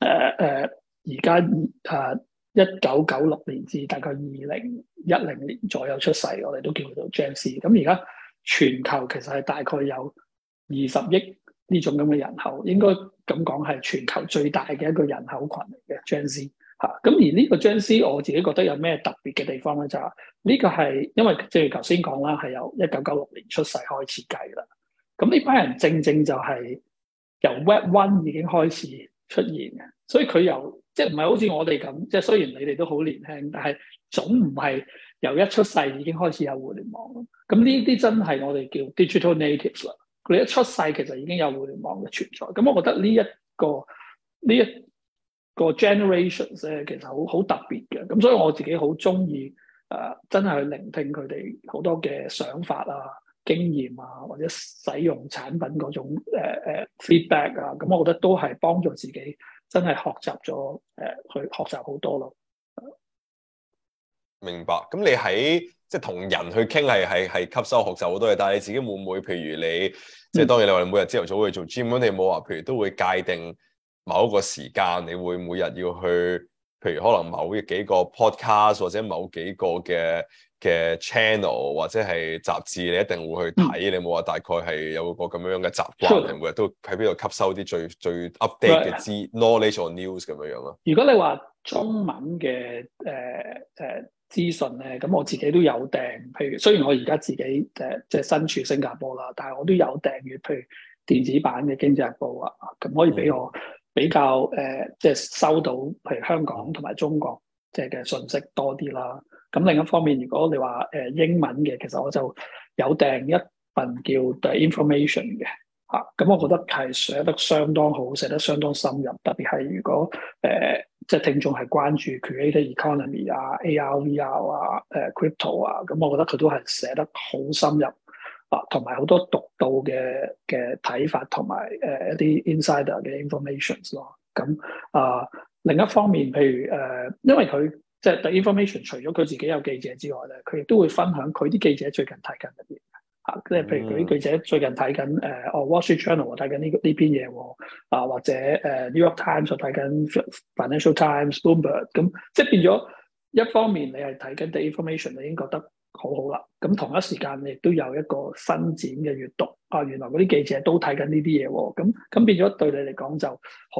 Speaker 2: 誒誒而家誒一九九六年至大概二零一零年左右出世，我哋都叫佢做 Gen Z。咁而家全球其實係大概有二十億呢種咁嘅人口，應該。咁講係全球最大嘅一個人口群嚟嘅 Gen Z 吓。咁、啊、而呢個 Gen Z 我自己覺得有咩特別嘅地方咧，就係、是、呢個係因為即係頭先講啦，係由一九九六年出世開始計啦。咁呢班人正正就係由 Web One 已經開始出現嘅，所以佢由即係唔係好似我哋咁，即係雖然你哋都好年輕，但係總唔係由一出世已經開始有互聯網。咁呢啲真係我哋叫 digital natives 啦。佢一出世其實已經有互聯網嘅存在，咁、嗯、我覺得呢一個呢一個 generations 咧，其實好好特別嘅，咁、嗯、所以我自己好中意誒，真係去聆聽佢哋好多嘅想法啊、經驗啊，或者使用產品嗰種誒、呃呃、feedback 啊，咁、嗯、我覺得都係幫助自己真係學習咗誒，去學習好多咯。嗯、
Speaker 1: 明白，咁你喺？即係同人去傾係係係吸收學習好多嘢，但係你自己會唔會？譬如你即係當然你話你每日朝頭早會去做 gym，咁、嗯、你冇話譬如都會界定某一個時間，你會每日要去譬如可能某幾個 podcast 或者某幾個嘅嘅 channel 或者係雜誌，你一定會去睇。嗯、你冇話大概係有個咁樣嘅習慣，嗯、你每日都喺邊度吸收啲最最 update 嘅知 knowledge or news 咁樣樣咯。
Speaker 2: 如果你話中文嘅誒？Uh, 誒資訊咧，咁我自己都有訂。譬如雖然我而家自己誒即係身處新加坡啦，但係我都有訂閱譬如電子版嘅《經濟日報》啊，咁可以俾我比較誒、呃，即係收到譬如香港同埋中國即係嘅信息多啲啦。咁、啊、另一方面，如果你話誒、呃、英文嘅，其實我就有訂一份叫《The Information》嘅、啊、嚇，咁我覺得係寫得相當好，寫得相當深入，特別係如果誒。呃即係聽眾係關注 creator economy 啊、AR、VR 啊、誒、uh, crypto 啊，咁我覺得佢都係寫得好深入啊，同埋好多獨到嘅嘅睇法，同埋誒一啲 insider 嘅 information 咯。咁啊另一方面，譬如誒、啊，因為佢即係 the information，除咗佢自己有記者之外咧，佢亦都會分享佢啲記者最近睇緊一啲。即係譬如嗰啲記者最近睇緊誒，哦，我《Wall Street Journal》睇緊呢呢篇嘢喎，啊或者誒、呃《New York Times》就睇緊《Financial Times》，《Bloomberg》咁，即係變咗一方面你係睇緊 The information，你已經覺得好好啦。咁同一時間，你亦都有一個伸展嘅閱讀。啊，原來嗰啲記者都睇緊呢啲嘢喎。咁咁變咗對你嚟講，就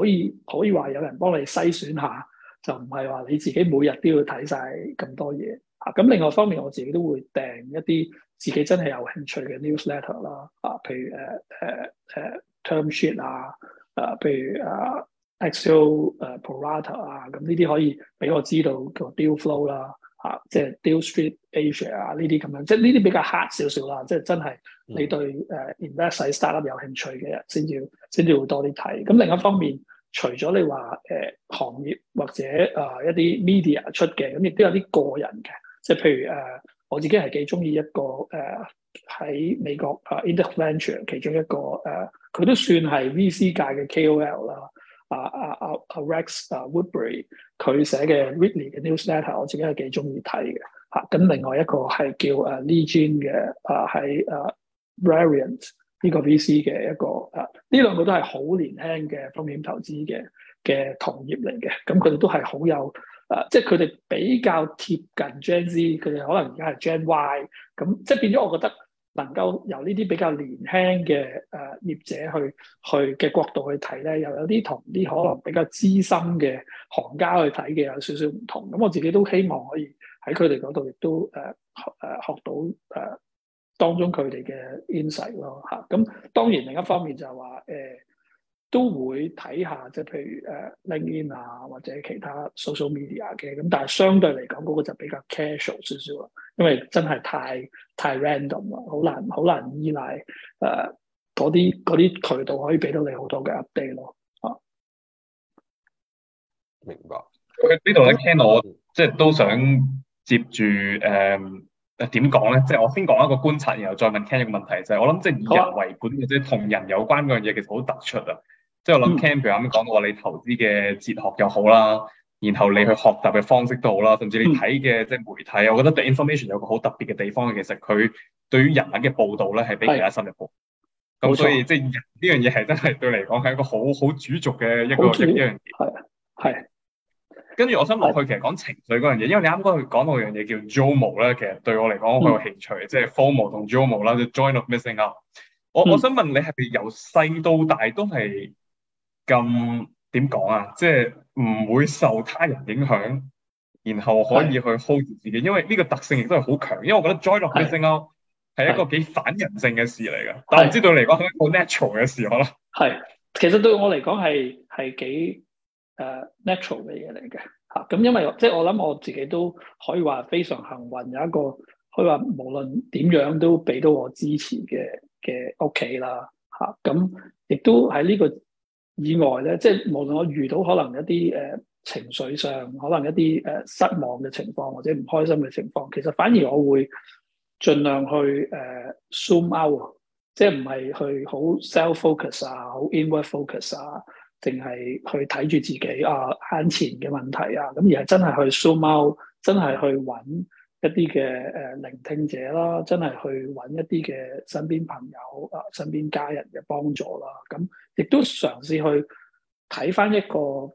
Speaker 2: 可以可以話有人幫你篩選下，就唔係話你自己每日都要睇晒咁多嘢。啊，咁另外方面，我自己都會訂一啲自己真係有興趣嘅 newsletter 啦，啊，譬如誒誒誒 term sheet 啊，啊，et，啊譬如啊 exo 誒 proata 啊，咁呢啲可以俾我知道叫 deal flow 啦、啊，啊，即係 deal street asia 啊，呢啲咁樣，即係呢啲比較 hard 少少啦，即係真係你對誒 investment startup 有興趣嘅人先至先要多啲睇。咁、嗯、另一方面，除咗你話誒、啊、行業或者啊一啲 media 出嘅，咁、啊、亦都有啲個人嘅，即係譬如誒。啊我自己係幾中意一個誒喺、呃、美國啊，Inventure 其中一個誒，佢、呃、都算係 VC 界嘅 KOL 啦、啊。啊啊 Rex，啊 bury, r e x 啊 Woodbury 佢寫嘅 Ridley 嘅 news letter，我自己係幾中意睇嘅嚇。咁、啊、另外一個係叫誒 Lee Jin 嘅啊喺啊 Variant、啊、呢個 VC 嘅一個啊，呢兩個都係好年輕嘅風險投資嘅嘅行業嚟嘅，咁佢哋都係好有。誒、呃，即係佢哋比較貼近 Gen Z，佢哋可能而家係 Gen Y，咁即係變咗我覺得能夠由呢啲比較年輕嘅誒、呃、業者去去嘅角度去睇咧，又有啲同啲可能比較資深嘅行家去睇嘅有少少唔同。咁我自己都希望可以喺佢哋嗰度亦都誒誒、呃呃、學到誒、呃、當中佢哋嘅 insight 咯嚇。咁當然另一方面就係話誒。呃都會睇下，即係譬如誒 LinkedIn 啊，或者其他 social media 嘅，咁但係相對嚟講，嗰個就比較 casual 少少啦，因為真係太太 random 啦，好難好難依賴誒嗰啲啲渠道可以俾到你好多嘅 update 咯，嚇。
Speaker 3: 明白。 呢度咧，Ken，我即係都想接住誒點講咧，即係我先講一個觀察，然後再問 Ken 一個問題，就係我諗即係以人為本或者同人有關嗰樣嘢，其實好突出啊。即係我諗，Cam 譬如啱啱講到話，你投資嘅哲學又好啦，然後你去學習嘅方式都好啦，甚至你睇嘅即係媒體，我覺得 The Information 有個好特別嘅地方，其實佢對於人物嘅報導咧，係比其他深入。咁所以錯即係呢樣嘢係真係對你嚟講係一個好好主軸嘅一個一像一樣嘢。係啊，跟住我想落去，其實講情緒嗰樣嘢，因為你啱啱佢講到樣嘢叫 JOMO 咧，其實對我嚟講好有興趣即係 FOMO 同 JOMO 啦 The Joint of Missing Up。我我想問你係咪由細到大都係？ 咁點講啊？即係唔會受他人影響，然後可以去 hold 住自己，因為呢個特性亦都係好強。因為我覺得 joy 樂嘅性格係一個幾反人性嘅事嚟㗎，但係唔知道嚟講係一
Speaker 2: 個 natural 嘅事，可能係其實對我嚟講係係幾誒 natural 嘅嘢嚟嘅嚇。咁因為即係我諗我自己都可以話非常幸運，有一個可以話無論點樣都俾到我支持嘅嘅屋企啦嚇。咁亦都喺呢個。以外咧，即係無論我遇到可能一啲誒、呃、情緒上，可能一啲誒、呃、失望嘅情況，或者唔開心嘅情況，其實反而我會盡量去誒、呃、zoom out，即係唔係去好 self 啊 focus 啊，好 inward focus 啊，淨係去睇住自己啊眼前嘅問題啊，咁而係真係去 zoom out，真係去揾一啲嘅誒聆聽者啦，真係去揾一啲嘅身邊朋友啊、身邊家人嘅幫助啦，咁亦都嘗試去睇返一個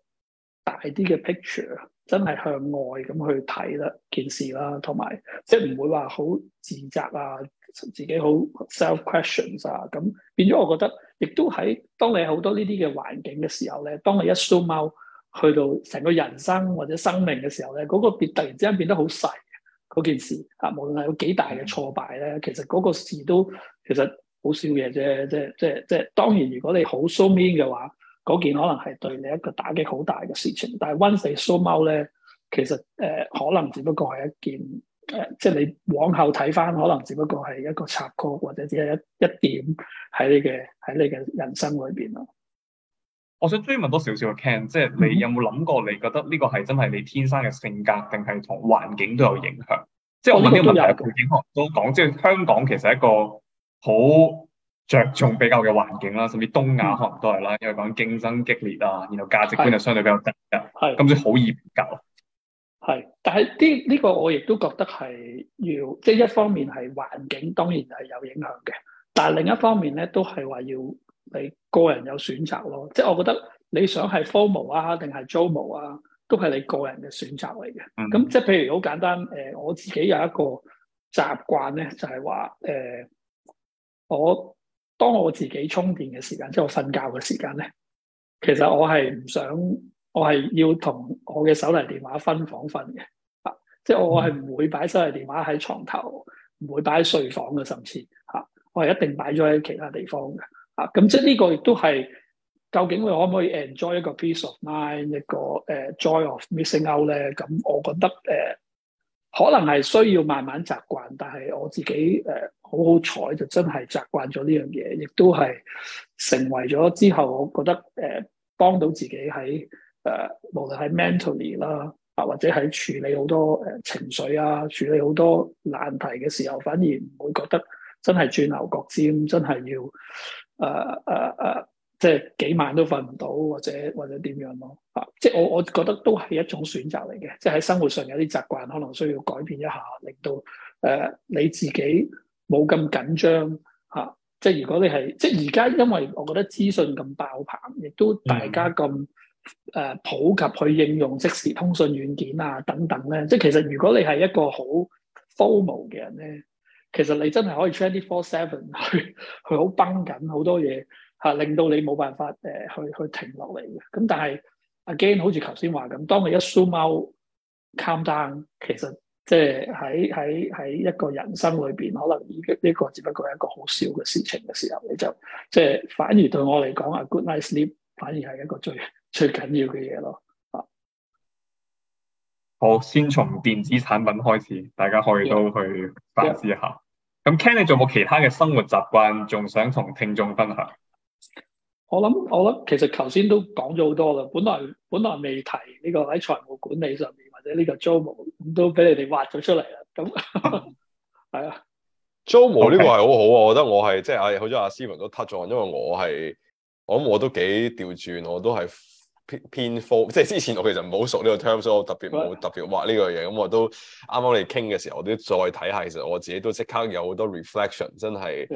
Speaker 2: 大啲嘅 picture，真係向外咁去睇呢件事啦，同埋即係唔會話好自責啊，自己好 self questions 啊，咁變咗我覺得，亦都喺當你好多呢啲嘅環境嘅時候呢，當你一 zoom out 去到成個人生或者生命嘅時候呢，嗰、嗰個突然之間變得好細。嗰件事啊，無論係有幾大嘅挫敗咧，其實嗰個事都其實好少嘢啫，即係即係即係當然，如果你好 so me 嘅話，嗰件可能係對你一個打擊好大嘅事情。但係 once in a while 咧，其實誒可能只不過係一件誒，即係你往後睇翻，可能只不過係一、呃、一個插曲，或者只係一一點喺你嘅喺你嘅人生裏邊咯。
Speaker 3: 我想追問多少少啊，Ken，即係你有冇諗過？你覺得呢個係真係你天生嘅性格，定係同環境都有影響？即係我問呢、哦這個、個問題嘅背景，都講，即係香港其實一個好着重比較嘅環境啦，甚至東亞可能都係啦，嗯、因為講競爭激烈啊，然後價值觀又相對比較低㗎，係今朝好易比較。係，
Speaker 2: 但係啲呢個我亦都覺得係要，即、就、係、是、一方面係環境當然係有影響嘅，但係另一方面咧都係話要。你個人有選擇咯，即係我覺得你想係 FOMO 啊，定係 JOMO 啊，都係你個人嘅選擇嚟嘅。咁、mm hmm. 即係譬如好簡單，誒、呃，我自己有一個習慣咧，就係話誒，我當我自己充電嘅時間，即係我瞓覺嘅時間咧，其實我係唔想，我係要同我嘅手提電話分房瞓嘅。啊，即係我係唔會擺手提電話喺床頭，唔會擺喺睡房嘅，甚至嚇、啊，我係一定擺咗喺其他地方嘅。啊，咁即係呢個亦都係，究竟你可唔可以 enjoy 一個 peace of mind，一個誒、uh, joy of missing out 咧？咁、嗯、我覺得誒，uh, 可能係需要慢慢習慣，但係我自己誒好好彩就真係習慣咗呢樣嘢，亦都係成為咗之後，我覺得誒、uh, 幫到自己喺誒，uh, 無論係 mentally 啦、啊，啊或者喺處理好多誒情緒啊，處理好多難題嘅時候，反而唔會覺得真係轉牛角尖，真係要～誒誒誒，即係幾晚都瞓唔到，或者或者點樣咯？啊，即係我我覺得都係一種選擇嚟嘅，即係喺生活上有啲習慣可能需要改變一下，令到誒、啊、你自己冇咁緊張嚇、啊。即係如果你係即係而家，因為我覺得資訊咁爆棚，亦都大家咁誒、嗯啊、普及去應用即時通訊軟件啊等等咧。即係其實如果你係一個好 formal 嘅人咧。其實你真係可以 twenty four seven 去去好繃緊好多嘢吓、啊，令到你冇辦法誒去去停落嚟嘅。咁但係 again，好似頭先話咁，當你一 zoom out calm down，其實即係喺喺喺一個人生裏邊，可能依個依個只不過係一個好小嘅事情嘅時候，你就即係、就是、反而對我嚟講，good night sleep 反而係一個最最緊要嘅嘢咯。
Speaker 3: 好，先從電子產品開始，大家可以都去反思一下。咁 Ken，你仲有冇其他嘅生活習慣，仲想同聽眾分享？
Speaker 2: 我諗，我諗，其實頭先都講咗好多啦。本來本來未提呢個喺財務管理上面，或者呢個 JOMO，咁都俾你哋挖咗出嚟啦。咁
Speaker 1: 係啊，JOMO 呢個係好好啊，okay！我覺得我係即係，好似阿 Steven 都突咗，因為我係我我都幾調轉，我都係。偏偏 FOMO，即係之前我其實唔好熟呢個 term，所以我特別冇特別話呢個嘢。咁我都啱啱你哋傾嘅時候，我都再睇下，其實我自己都即刻有好多 reflection，真係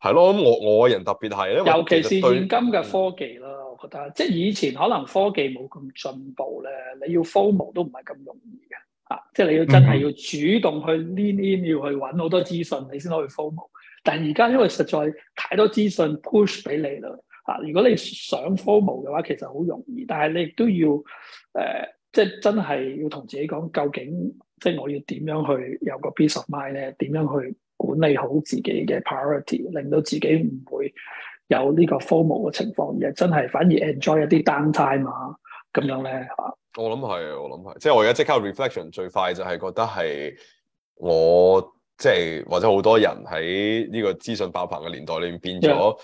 Speaker 1: 係咯。咁的我我人特別係，其尤其是現今
Speaker 2: 嘅科技咯，我覺得即係以前可能科技冇咁進步咧，你要 FOMO 都唔係咁容易嘅啊！即係你要真係要主動去 lean in，要去揾好多資訊，你先可以 FOMO。但係而家因為實在太多資訊 push 俾你啦。啊！如果你想 FOMO 嘅話，其實好容易，但係你亦都要誒、呃，即係真係要同自己講，究竟即係我要點樣去有個 peace of mind 咧？點樣去管理好自己嘅 priority，令到自己唔會有呢個 FOMO 嘅情況，而係真係反而 enjoy 一啲 down time 啊，咁樣咧嚇。
Speaker 1: 我諗係，我諗係，即係我而家即刻 reflection 最快就係覺得係我即係或者好多人喺呢個資訊爆棚嘅年代裏面變咗。Yeah.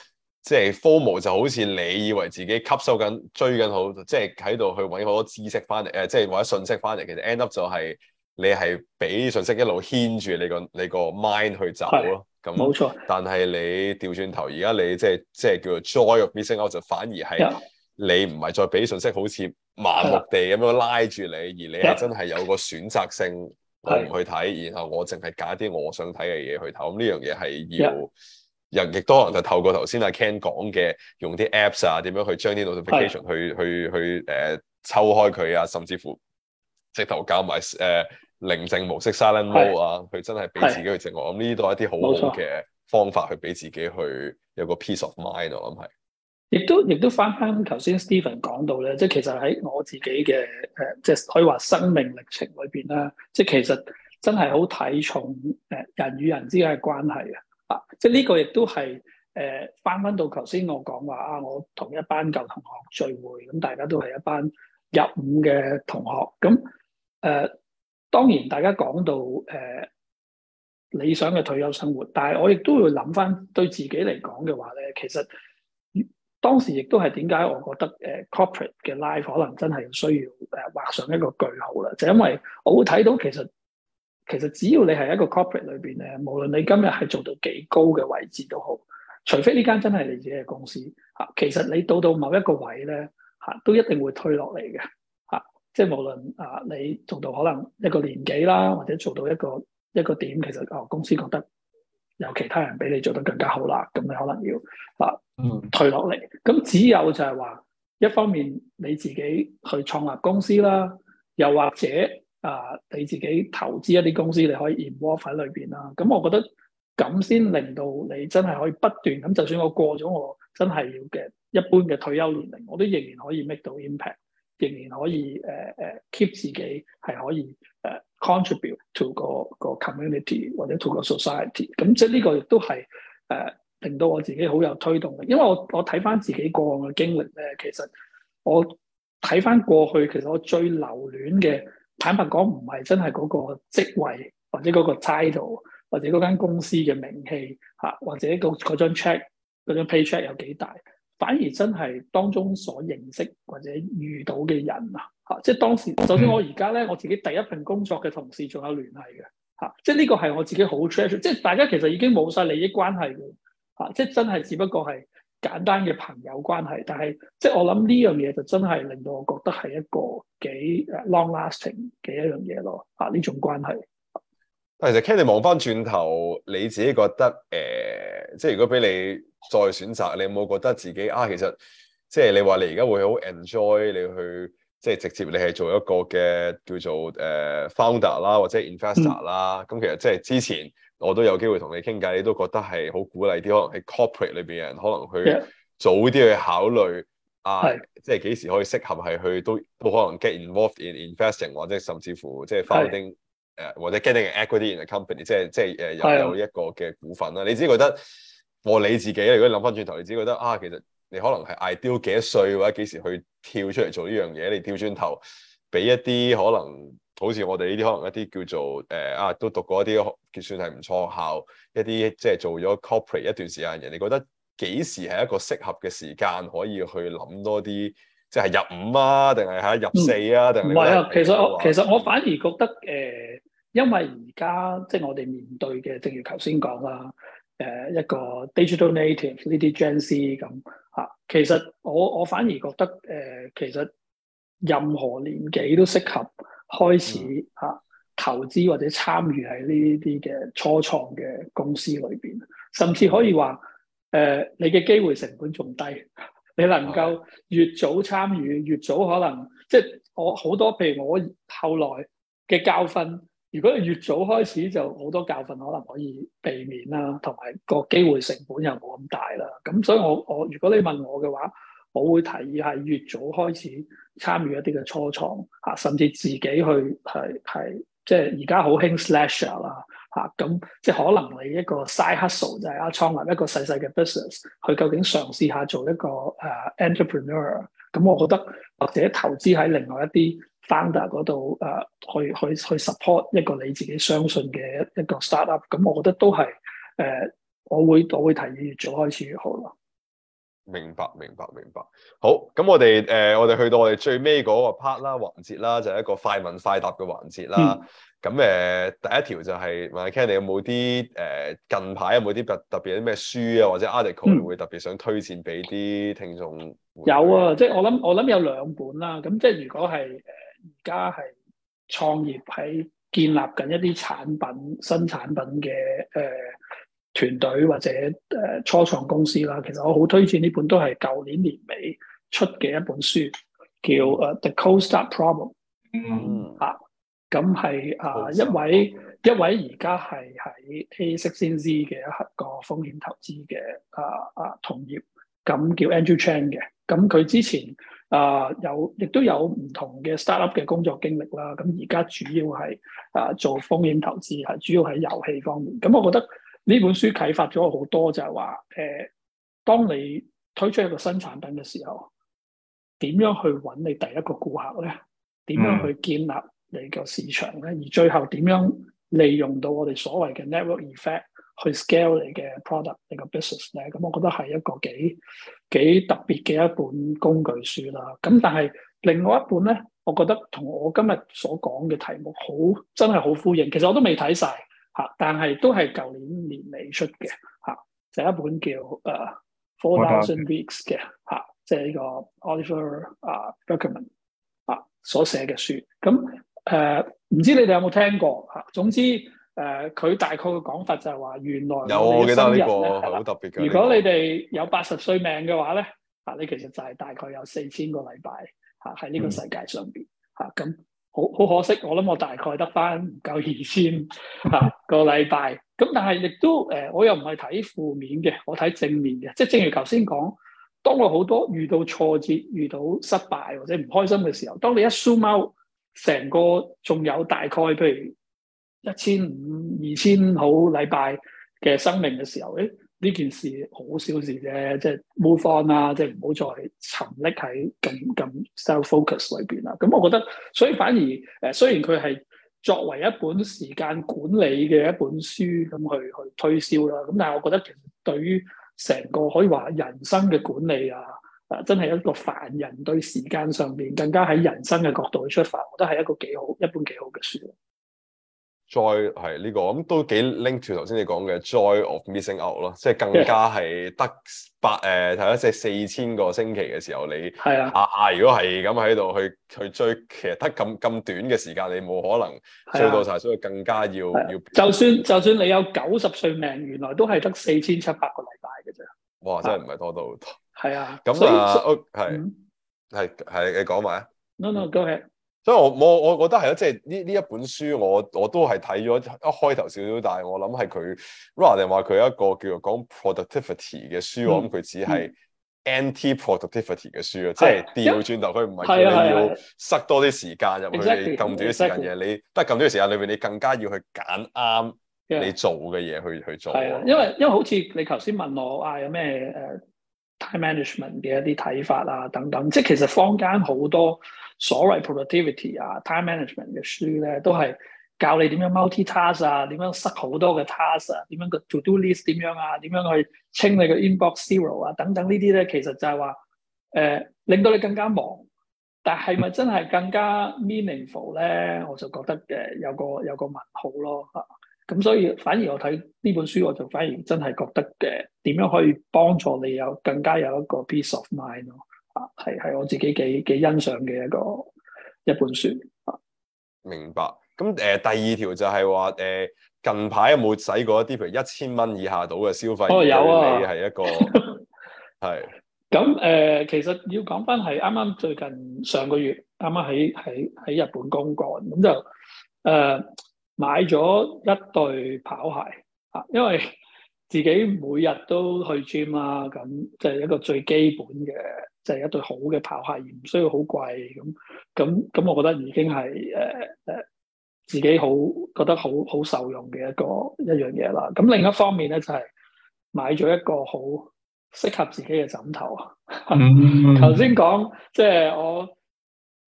Speaker 1: 即係 FOMO 就好似你以為自己吸收緊追緊好，即係喺度去揾好多知識翻嚟，誒、呃，即係或者信息翻嚟。其實 end up 就係你係俾信息一路牽住你個你個 mind 去走咯。咁，冇錯。但係你調轉頭，而家你即係即係叫做 joy of missing out，就反而係你唔係再俾信息，好似盲目地咁樣拉住你，的而你係真係有個選擇性我，我唔去睇，然後我淨係揀啲我想睇嘅嘢去睇。咁呢樣嘢係要。人亦可能就透過頭先阿 Ken 講嘅，用啲 Apps 啊，點樣去將啲 notification 的去去去誒、呃、抽開佢啊，甚至乎直頭教埋誒寧靜模式 （silent mode） 啊，佢的真係俾自己去靜，我諗呢度係一啲好好嘅方法錯去俾自己去有個 peace of mind 我。我諗係。
Speaker 2: 亦都亦都翻返頭先 Steven 講到咧，即係其實喺我自己嘅誒，即係可以話生命歷程裏邊啦，即係其實真係好睇重誒人與人之間嘅關係嘅。啊！即係呢個亦都係誒，翻、呃、翻到頭先我講話啊，我同一班舊同學聚會，咁、嗯、大家都係一班入伍嘅同學，咁、嗯、誒、呃，當然大家講到誒、呃、理想嘅退休生活，但係我亦都會諗翻對自己嚟講嘅話咧，其實當時亦都係點解我覺得誒、呃、Corporate 嘅 life 可能真係需要誒、呃、畫上一個句號啦，就是，因為我會睇到其實。其實只要你係一個 corporate 裏邊咧，無論你今日係做到幾高嘅位置都好，除非呢間真係你自己嘅公司啊。其實你到到某一個位咧吓，都一定會退落嚟嘅吓。即係無論啊，你做到可能一個年紀啦，或者做到一個一個點，其實哦，公司覺得有其他人比你做得更加好啦，咁你可能要啊嗯退落嚟。咁只有就係話，一方面你自己去創立公司啦，又或者。啊！Uh, 你自己投資一啲公司，你可以 involve 喺裏邊啦。咁、嗯、我覺得咁先令到你真係可以不斷咁。就算我過咗我真係要嘅一般嘅退休年齡，我都仍然可以 make 到 impact，仍然可以誒誒、uh, keep 自己係可以誒 contribute to 個個 community 或者 to society、嗯、個 society。咁即係呢個亦都係誒令到我自己好有推動力。因為我我睇翻自己過去嘅經歷咧，其實我睇翻過去其實我最留戀嘅、嗯。坦白講，唔係真係嗰個職位或者嗰個 title，或者嗰間公司嘅名氣嚇，或者個嗰張 check 嗰張 pay check 有幾大，反而真係當中所認識或者遇到嘅人啊嚇，即係當時首先我而家咧我自己第一份工作嘅同事仲有聯繫嘅嚇，即係呢個係我自己好 treasure，即係大家其實已經冇晒利益關係嘅嚇、啊，即係真係只不過係，簡單嘅朋友關係，但係即係我諗呢樣嘢就真係令到我覺得係一個幾 long lasting 嘅一樣嘢咯，嚇、啊、呢種關係。
Speaker 1: 但其實 Kenny 望翻轉頭，你自己覺得誒、呃，即係如果俾你再選擇，你有冇覺得自己啊？其實即係你話你而家會好 enjoy 你去即係直接你係做一個嘅叫做誒、呃、founder 啦，或者 investor 啦，咁、嗯、其實即係之前。我都有機會同你傾偈，你都覺得係好鼓勵啲，可能喺 corporate 裏邊嘅人，可能去 Yeah. 早啲去考慮 Yeah. 啊，即係幾時可以適合係去都都可能 get involved in investing，或者甚至乎即係 founding 誒，或者 getting equity in a company，即係即係誒又有一個嘅股份啦。Yeah. 你只覺得我你自己，如果你諗翻轉頭，你只覺得啊，其實你可能係 ideal 幾多歲或者幾時去跳出嚟做呢樣嘢？你掉轉頭俾一啲可能。好似我哋呢啲可能一啲叫做誒啊、呃，都讀過一啲算係唔錯校，一啲即係做咗 corporate 一段時間人，你覺得幾時係一個適合嘅時間可以去諗多啲，即係入五啊，定係嚇入四啊？唔係、嗯、啊，其實我其實我反而覺
Speaker 2: 得誒、呃，因為而家即係我哋面對嘅，正如頭先講啦，誒、呃、一個 digital native 呢啲 Gen C 咁嚇，其實我我反而覺得誒、呃，其實任何年紀都適合。開始嚇、啊、投資或者參與喺呢啲嘅初創嘅公司裏邊，甚至可以話誒、呃，你嘅機會成本仲低，你能夠越早參與，越早可能即係、就是、我好多，譬如我後來嘅教訓，如果你越早開始就好多教訓可能可以避免啦、啊，同埋個機會成本又冇咁大啦。咁所以我我如果你問我嘅話，我會提議係越早開始。參與一啲嘅初創嚇，甚至自己去係係，即係而家好興 slasher 啦嚇，咁、啊、即係可能你一個 side hustle 就係阿創立一個細細嘅 business，佢究竟嘗試下做一個誒 entrepreneur，咁、啊、我覺得或者投資喺另外一啲 founder 嗰度誒，去去去 support 一個你自己相信嘅一個 startup，咁、啊、我覺得都係誒、啊，我會我會提議越早開始越好咯。
Speaker 1: 明白，明白，明白。好，咁我哋誒、呃，我哋去到我哋最尾嗰個 part 啦，環節啦，就係、是、一個快問快答嘅環節啦。咁誒、嗯呃，第一條就係問 Ken，你有冇啲誒近排有冇啲特特別啲咩書啊，或者 article、嗯、會特別想推薦俾啲聽眾？有啊，即、
Speaker 2: 就、係、是、我諗我諗有兩本啦。咁即係如果係誒而家係創業喺建立緊一啲產品新產品嘅誒。呃團隊或者誒初創公司啦，其實我好推薦呢本都係舊年年尾出嘅一本書，叫《誒 The Cold Start Problem》。嗯、mm。Hmm. 啊，咁係啊一位一位而家係喺 a16z 嘅一個風險投資嘅啊啊同業，咁叫 Andrew Chen 嘅。咁、嗯、佢、啊、之前啊有亦都有唔同嘅 start up 嘅工作經歷啦。咁而家主要係啊做風險投資，係主要喺遊戲方面。咁我覺得，啊呢本書啟發咗我好多，就係、是、話，誒、呃，當你推出一個新產品嘅時候，點樣去揾你第一個顧客咧？
Speaker 3: 點樣去
Speaker 2: 建立你個市場咧？而最後點樣利用到我哋所謂嘅 network effect 去 scale 你嘅 product 你、你個 business 咧？咁我覺得係一個幾幾特別嘅一本工具書啦。咁但係另外一本咧，我覺得同我今日所講嘅題目好真係好呼應。其實我都未睇晒。嚇！但係都係舊年年尾出嘅嚇，就係、一本叫誒 Four Thousand Weeks 嘅嚇，uh, 即係呢個 Oliver 啊、uh, Beckman 啊、uh, 所寫嘅書。咁誒唔知你哋有冇聽過嚇？Uh, 總之誒，佢、uh, 大概嘅講法就係話，原來我有我記得一個好特別嘅。如果你哋有八十歲嘅命嘅話咧，嚇、uh, 你其實就係大概有四千個禮拜嚇喺呢個世界上邊嚇咁。嗯好好可惜，我諗我大概得翻唔夠二千個禮拜，咁但係亦都誒，我又唔係睇負面嘅，我睇正面嘅，即係正如頭先講，當我好多遇到挫折、遇到失敗或者唔開心嘅時候，當你一 zoom out，成個仲有大概譬如一千五、二千好禮拜嘅生命嘅時候，誒。呢件事好小事啫，即係 move on 啦，即係唔好再沉溺喺咁咁 self focus 裏邊啦。咁我覺得，所以反而誒，雖然佢係作為一本時間管理嘅一本書咁去去推銷啦，咁但係我覺得其實對於成個可以話人生嘅管理啊，啊真係一個凡人對時間上邊更加喺人生嘅角度去出發，我覺得係一個幾好，一本幾好嘅書。
Speaker 1: joy 係呢個咁都幾 link to 頭先你講嘅 joy of missing out 咯、呃，即係更加係得八，誒，就係即係四千個星期嘅時候，你係啊，啊，如果係咁喺度去去追，其實得咁咁短嘅時間，你冇可能追到晒。啊、所以更加要、啊、要。
Speaker 2: 就算就算你有九十歲命，原來都係得四千七百個禮拜嘅啫。
Speaker 1: 哇！真係唔係多到好多。係啊，咁啊，係係係，你講埋啊。No no go ahead. 所以我我我覺得係咯，即係呢呢一本書我，我我都係睇咗一開頭少少，但係我諗係佢 r o h m a 話佢一個叫做講 productivity 嘅書喎，咁佢、嗯、只係 anti-productivity 嘅書咯，嗯、即係調轉頭佢唔係要塞多啲時間入去。的你咁短時間嘅你，得係咁短時間裏面你更加要去揀啱你做嘅嘢去的去做。係啊，因為
Speaker 2: 因為好似你頭先問我啊，有咩誒 time management 嘅一啲睇法啊等等，即係其實坊間好多。所謂 productivity 啊、time management 嘅書咧，都係教你點樣 multi task 啊，點樣塞好多嘅 task 啊，點樣嘅 to do list 點樣啊，點樣去清你個 inbox zero 啊，等等呢啲咧，其實就係話誒，令到你更加忙。但係咪真係更加 meaningful 咧？我就覺得誒，有個有個問號咯嚇。咁、啊、所以反而我睇呢本書，我就反而真係覺得嘅點樣可以幫助你有更加有一個 peace of mind 咯。啊，係係我自己幾幾欣賞嘅一個一本書啊。
Speaker 1: 明白。咁誒、呃，第二條就係話誒，近排有冇使過一啲，譬如一千蚊以下到嘅消費？哦，有啊。係一個係。咁誒 是、呃，其實要講翻係啱啱最
Speaker 2: 近上個月啱啱喺喺喺日本公幹，咁就誒、呃、買咗一對跑鞋啊，因為自己每日都去 gym 啊，咁即係一個最基本嘅。就係一對好嘅跑鞋，而唔需要好貴咁咁咁，我覺得已經係誒誒自己好覺得好好受用嘅一個一樣嘢啦。咁另一方面咧，就係、是、買咗一個好適合自己嘅枕頭。頭先講即係我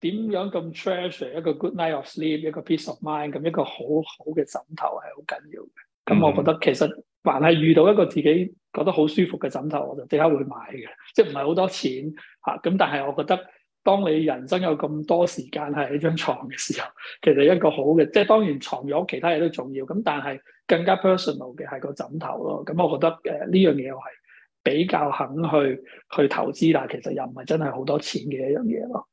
Speaker 2: 點樣咁 treasure 一個 good night of sleep，一個 peace of mind，咁一個好好嘅枕頭係好緊要嘅。咁我覺得其實。凡係遇到一個自己覺得好舒服嘅枕頭，我就即刻會買嘅，即係唔係好多錢吓咁、啊。但係我覺得，當你人生有咁多時間係喺張床嘅時候，其實一個好嘅，即係當然床褥其他嘢都重要。咁但係更加 personal 嘅係個枕頭咯。咁、啊啊、我覺得誒呢樣嘢我係比較肯去去投資，但係其實又唔係真係好多錢嘅一樣嘢咯。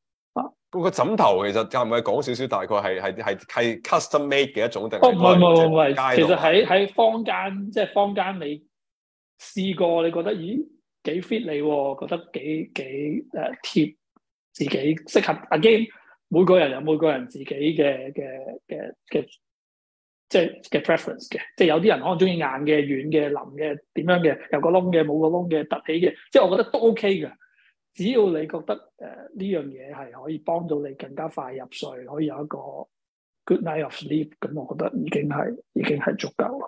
Speaker 1: 個枕頭其實係咪講少少大概係係係係 custom made 嘅一種定係唔係唔係唔係？其實喺喺
Speaker 2: 坊間即係、就係、坊間你試過你覺得咦幾 fit 你喎、哦？覺得幾幾誒貼自己適合 again 每個人有每個人自己嘅嘅嘅嘅即係嘅 preference 嘅，即係有啲人可能鍾意硬嘅、軟嘅、腍嘅、點樣嘅，有個窿嘅、冇個窿嘅、凸起嘅，即係我覺得都 OK 嘅。只要你覺得誒呢樣嘢係可以幫到你更加快入睡，可以有一個 good night of sleep，咁、嗯、我覺得已經係已經係足夠啦。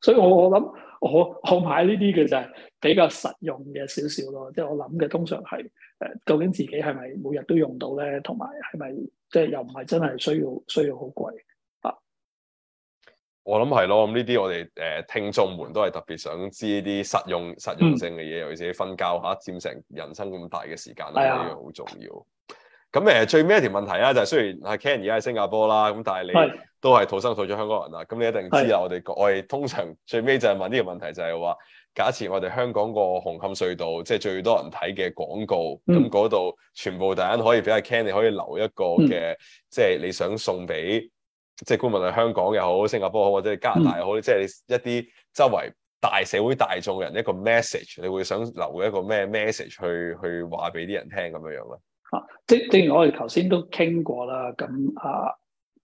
Speaker 2: 所以我我諗我我買呢啲嘅就係比較實用嘅少少咯，即係我諗嘅通常係誒，呃，究竟自己係咪每日都用到咧，同埋係咪即係又唔係真係需要需要好貴。
Speaker 1: 我諗係咯，咁呢啲我哋誒聽眾們都係特別想知啲實用實用性嘅嘢，嗯、尤其是瞓覺嚇佔成人生咁大嘅時間，呢樣好重要。咁誒最尾一條問題啊，就係、是、雖然阿 Ken 而家喺新加坡啦，咁但係你都係土生土長香港人啦，咁是你一定知啦。是我哋我哋通常最尾就係問呢個問題就，就係話假設我哋香港個紅磡隧道即係、就是、最多人睇嘅廣告，咁嗰度全部大家可以俾阿 Ken，你可以留一個嘅，即係、嗯就是、你想送俾。即係公民喺香港又好，新加坡好，或者加拿大又好，嗯、即係一啲周圍大社會大眾嘅人，一個 message，你會想留一個咩 message 去去話俾啲人聽咁樣樣咧？
Speaker 2: 啊，即正如我哋頭先都傾過啦，咁啊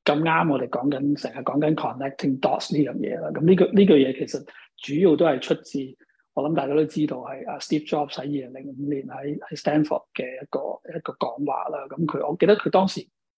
Speaker 2: 咁啱，我哋講緊成日講緊 connecting dots 呢樣嘢啦。咁呢句呢句嘢其實主要都係出自我諗大家都知道係阿 Steve Jobs 喺二零零五年喺喺 Stanford 嘅一個一個講話啦。咁佢我記得佢當時。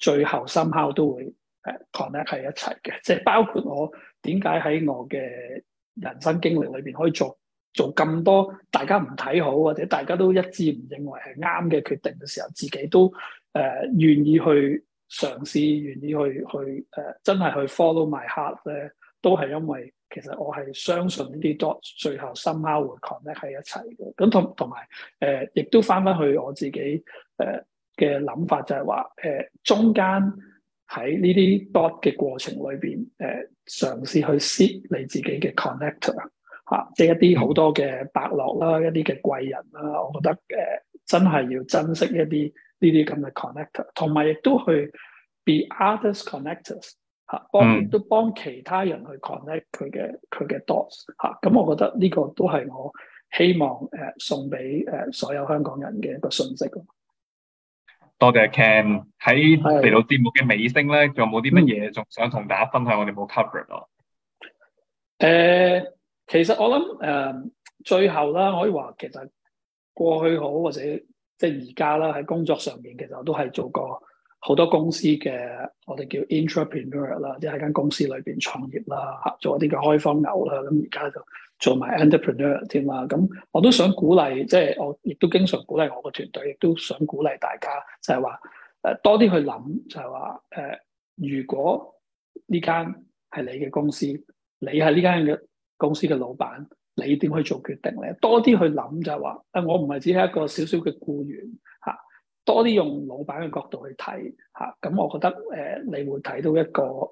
Speaker 2: 最後 somehow 都會誒 connect 喺一齊嘅，即、就、係、是、包括我點解喺我嘅人生經歷裏邊可以做做咁多大家唔睇好或者大家都一致唔認為係啱嘅決定嘅時候，自己都誒、呃、願意去嘗試，願意去去誒、呃、真係去 follow my heart 咧，都係因為其實我係相信呢啲 dots 最後 somehow 會 connect 喺一齊嘅。咁同同埋誒，亦都返返去我自己誒。呃嘅諗法就係話，誒、呃、中間喺呢啲 dot 嘅過程裏邊，誒、呃、嘗試去 set 你自己嘅 connector，嚇、啊，即係一啲好多嘅伯樂啦，一啲嘅貴人啦，我覺得誒、呃、真係要珍惜一啲呢啲咁嘅 connector，同埋亦都去 be others connectors，嚇、啊，幫、嗯、都幫其他人去 connect 佢嘅佢嘅 dots，嚇，咁、啊嗯、我覺得呢個都係我希望誒、呃、送俾誒、呃、所有香港人嘅一個信息咯。
Speaker 3: 多謝 Ken 喺嚟到節目嘅尾聲咧，仲有冇啲乜嘢仲想同大家分享？我哋冇 cover 咯。
Speaker 2: 誒、呃，其實我諗誒、呃，最後啦，可以話其實過去好或者即係而家啦，喺工作上面其實我都係做過，好多公司嘅我哋叫 intrapreneur 啦，即係喺間公司裏邊創業啦，做一啲嘅開荒牛啦，咁而家就做埋 entrepreneur 添啦。咁我都想鼓勵，即係我亦都經常鼓勵我嘅團隊，亦都想鼓勵大家，就係話誒多啲去諗，就係話誒如果呢間係你嘅公司，你係呢間嘅公司嘅老闆，你點去做決定咧？多啲去諗就係話誒，我唔係只係一個小小嘅僱員。多啲用老闆嘅角度去睇嚇，咁、啊、我覺得誒、呃、你會睇到一個誒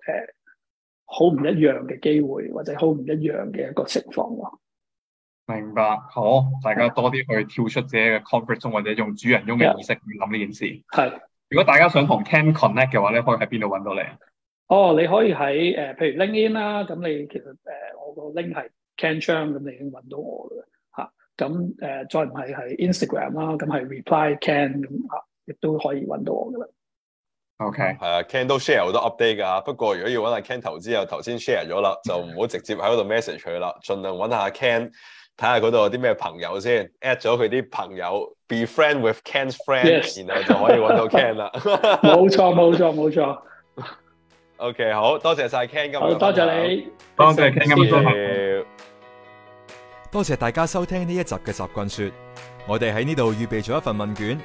Speaker 2: 好唔一樣嘅機會，或者好唔一樣嘅一個情況咯。
Speaker 3: 明白，好，大家多啲去跳出自己嘅 conference 或者用主人翁嘅意識去諗呢件事。係的。如果大家想同 Ken connect 嘅話咧，可以喺邊度揾到你啊？
Speaker 2: 哦，你可以喺誒、呃，譬如 LinkedIn 啦，咁你其實誒、呃、我個 link 係 Ken Cheung 嘅，你已經揾到我嘅啦。咁誒，再唔係係 Instagram 啦，咁係 Reply Ken 咁嚇，亦都可以揾到我
Speaker 1: 噶啦。OK，係啊，Ken 都 share 好多 update 噶，不過如果要揾阿 Ken 投資，又頭先 share 咗啦，就唔好直接喺度 message 佢啦，儘量揾下 Ken 睇下嗰度有啲咩朋友先，at 咗佢啲朋友，be friend with Ken's friends，然後就可以揾到 Ken 啦。冇錯，冇錯，冇錯。OK，好多謝曬 Ken 今日，好多謝你，
Speaker 3: 多謝 Ken 今日。
Speaker 1: 多謝大家收聽呢一集嘅習慣說，我哋喺呢度預備咗一份問卷，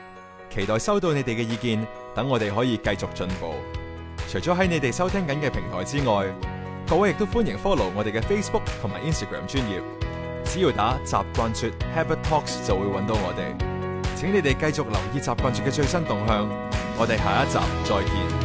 Speaker 1: 期待收到你哋嘅意見，等我哋可以繼續進步。除咗喺你哋收聽緊嘅平台之外，各位亦都歡迎 follow 我哋嘅 Facebook 同埋 Instagram 專頁，只要打習慣說 Habit Talks 就會揾到我哋。請你哋繼續留意習慣說嘅最新動向，我哋下一集再見。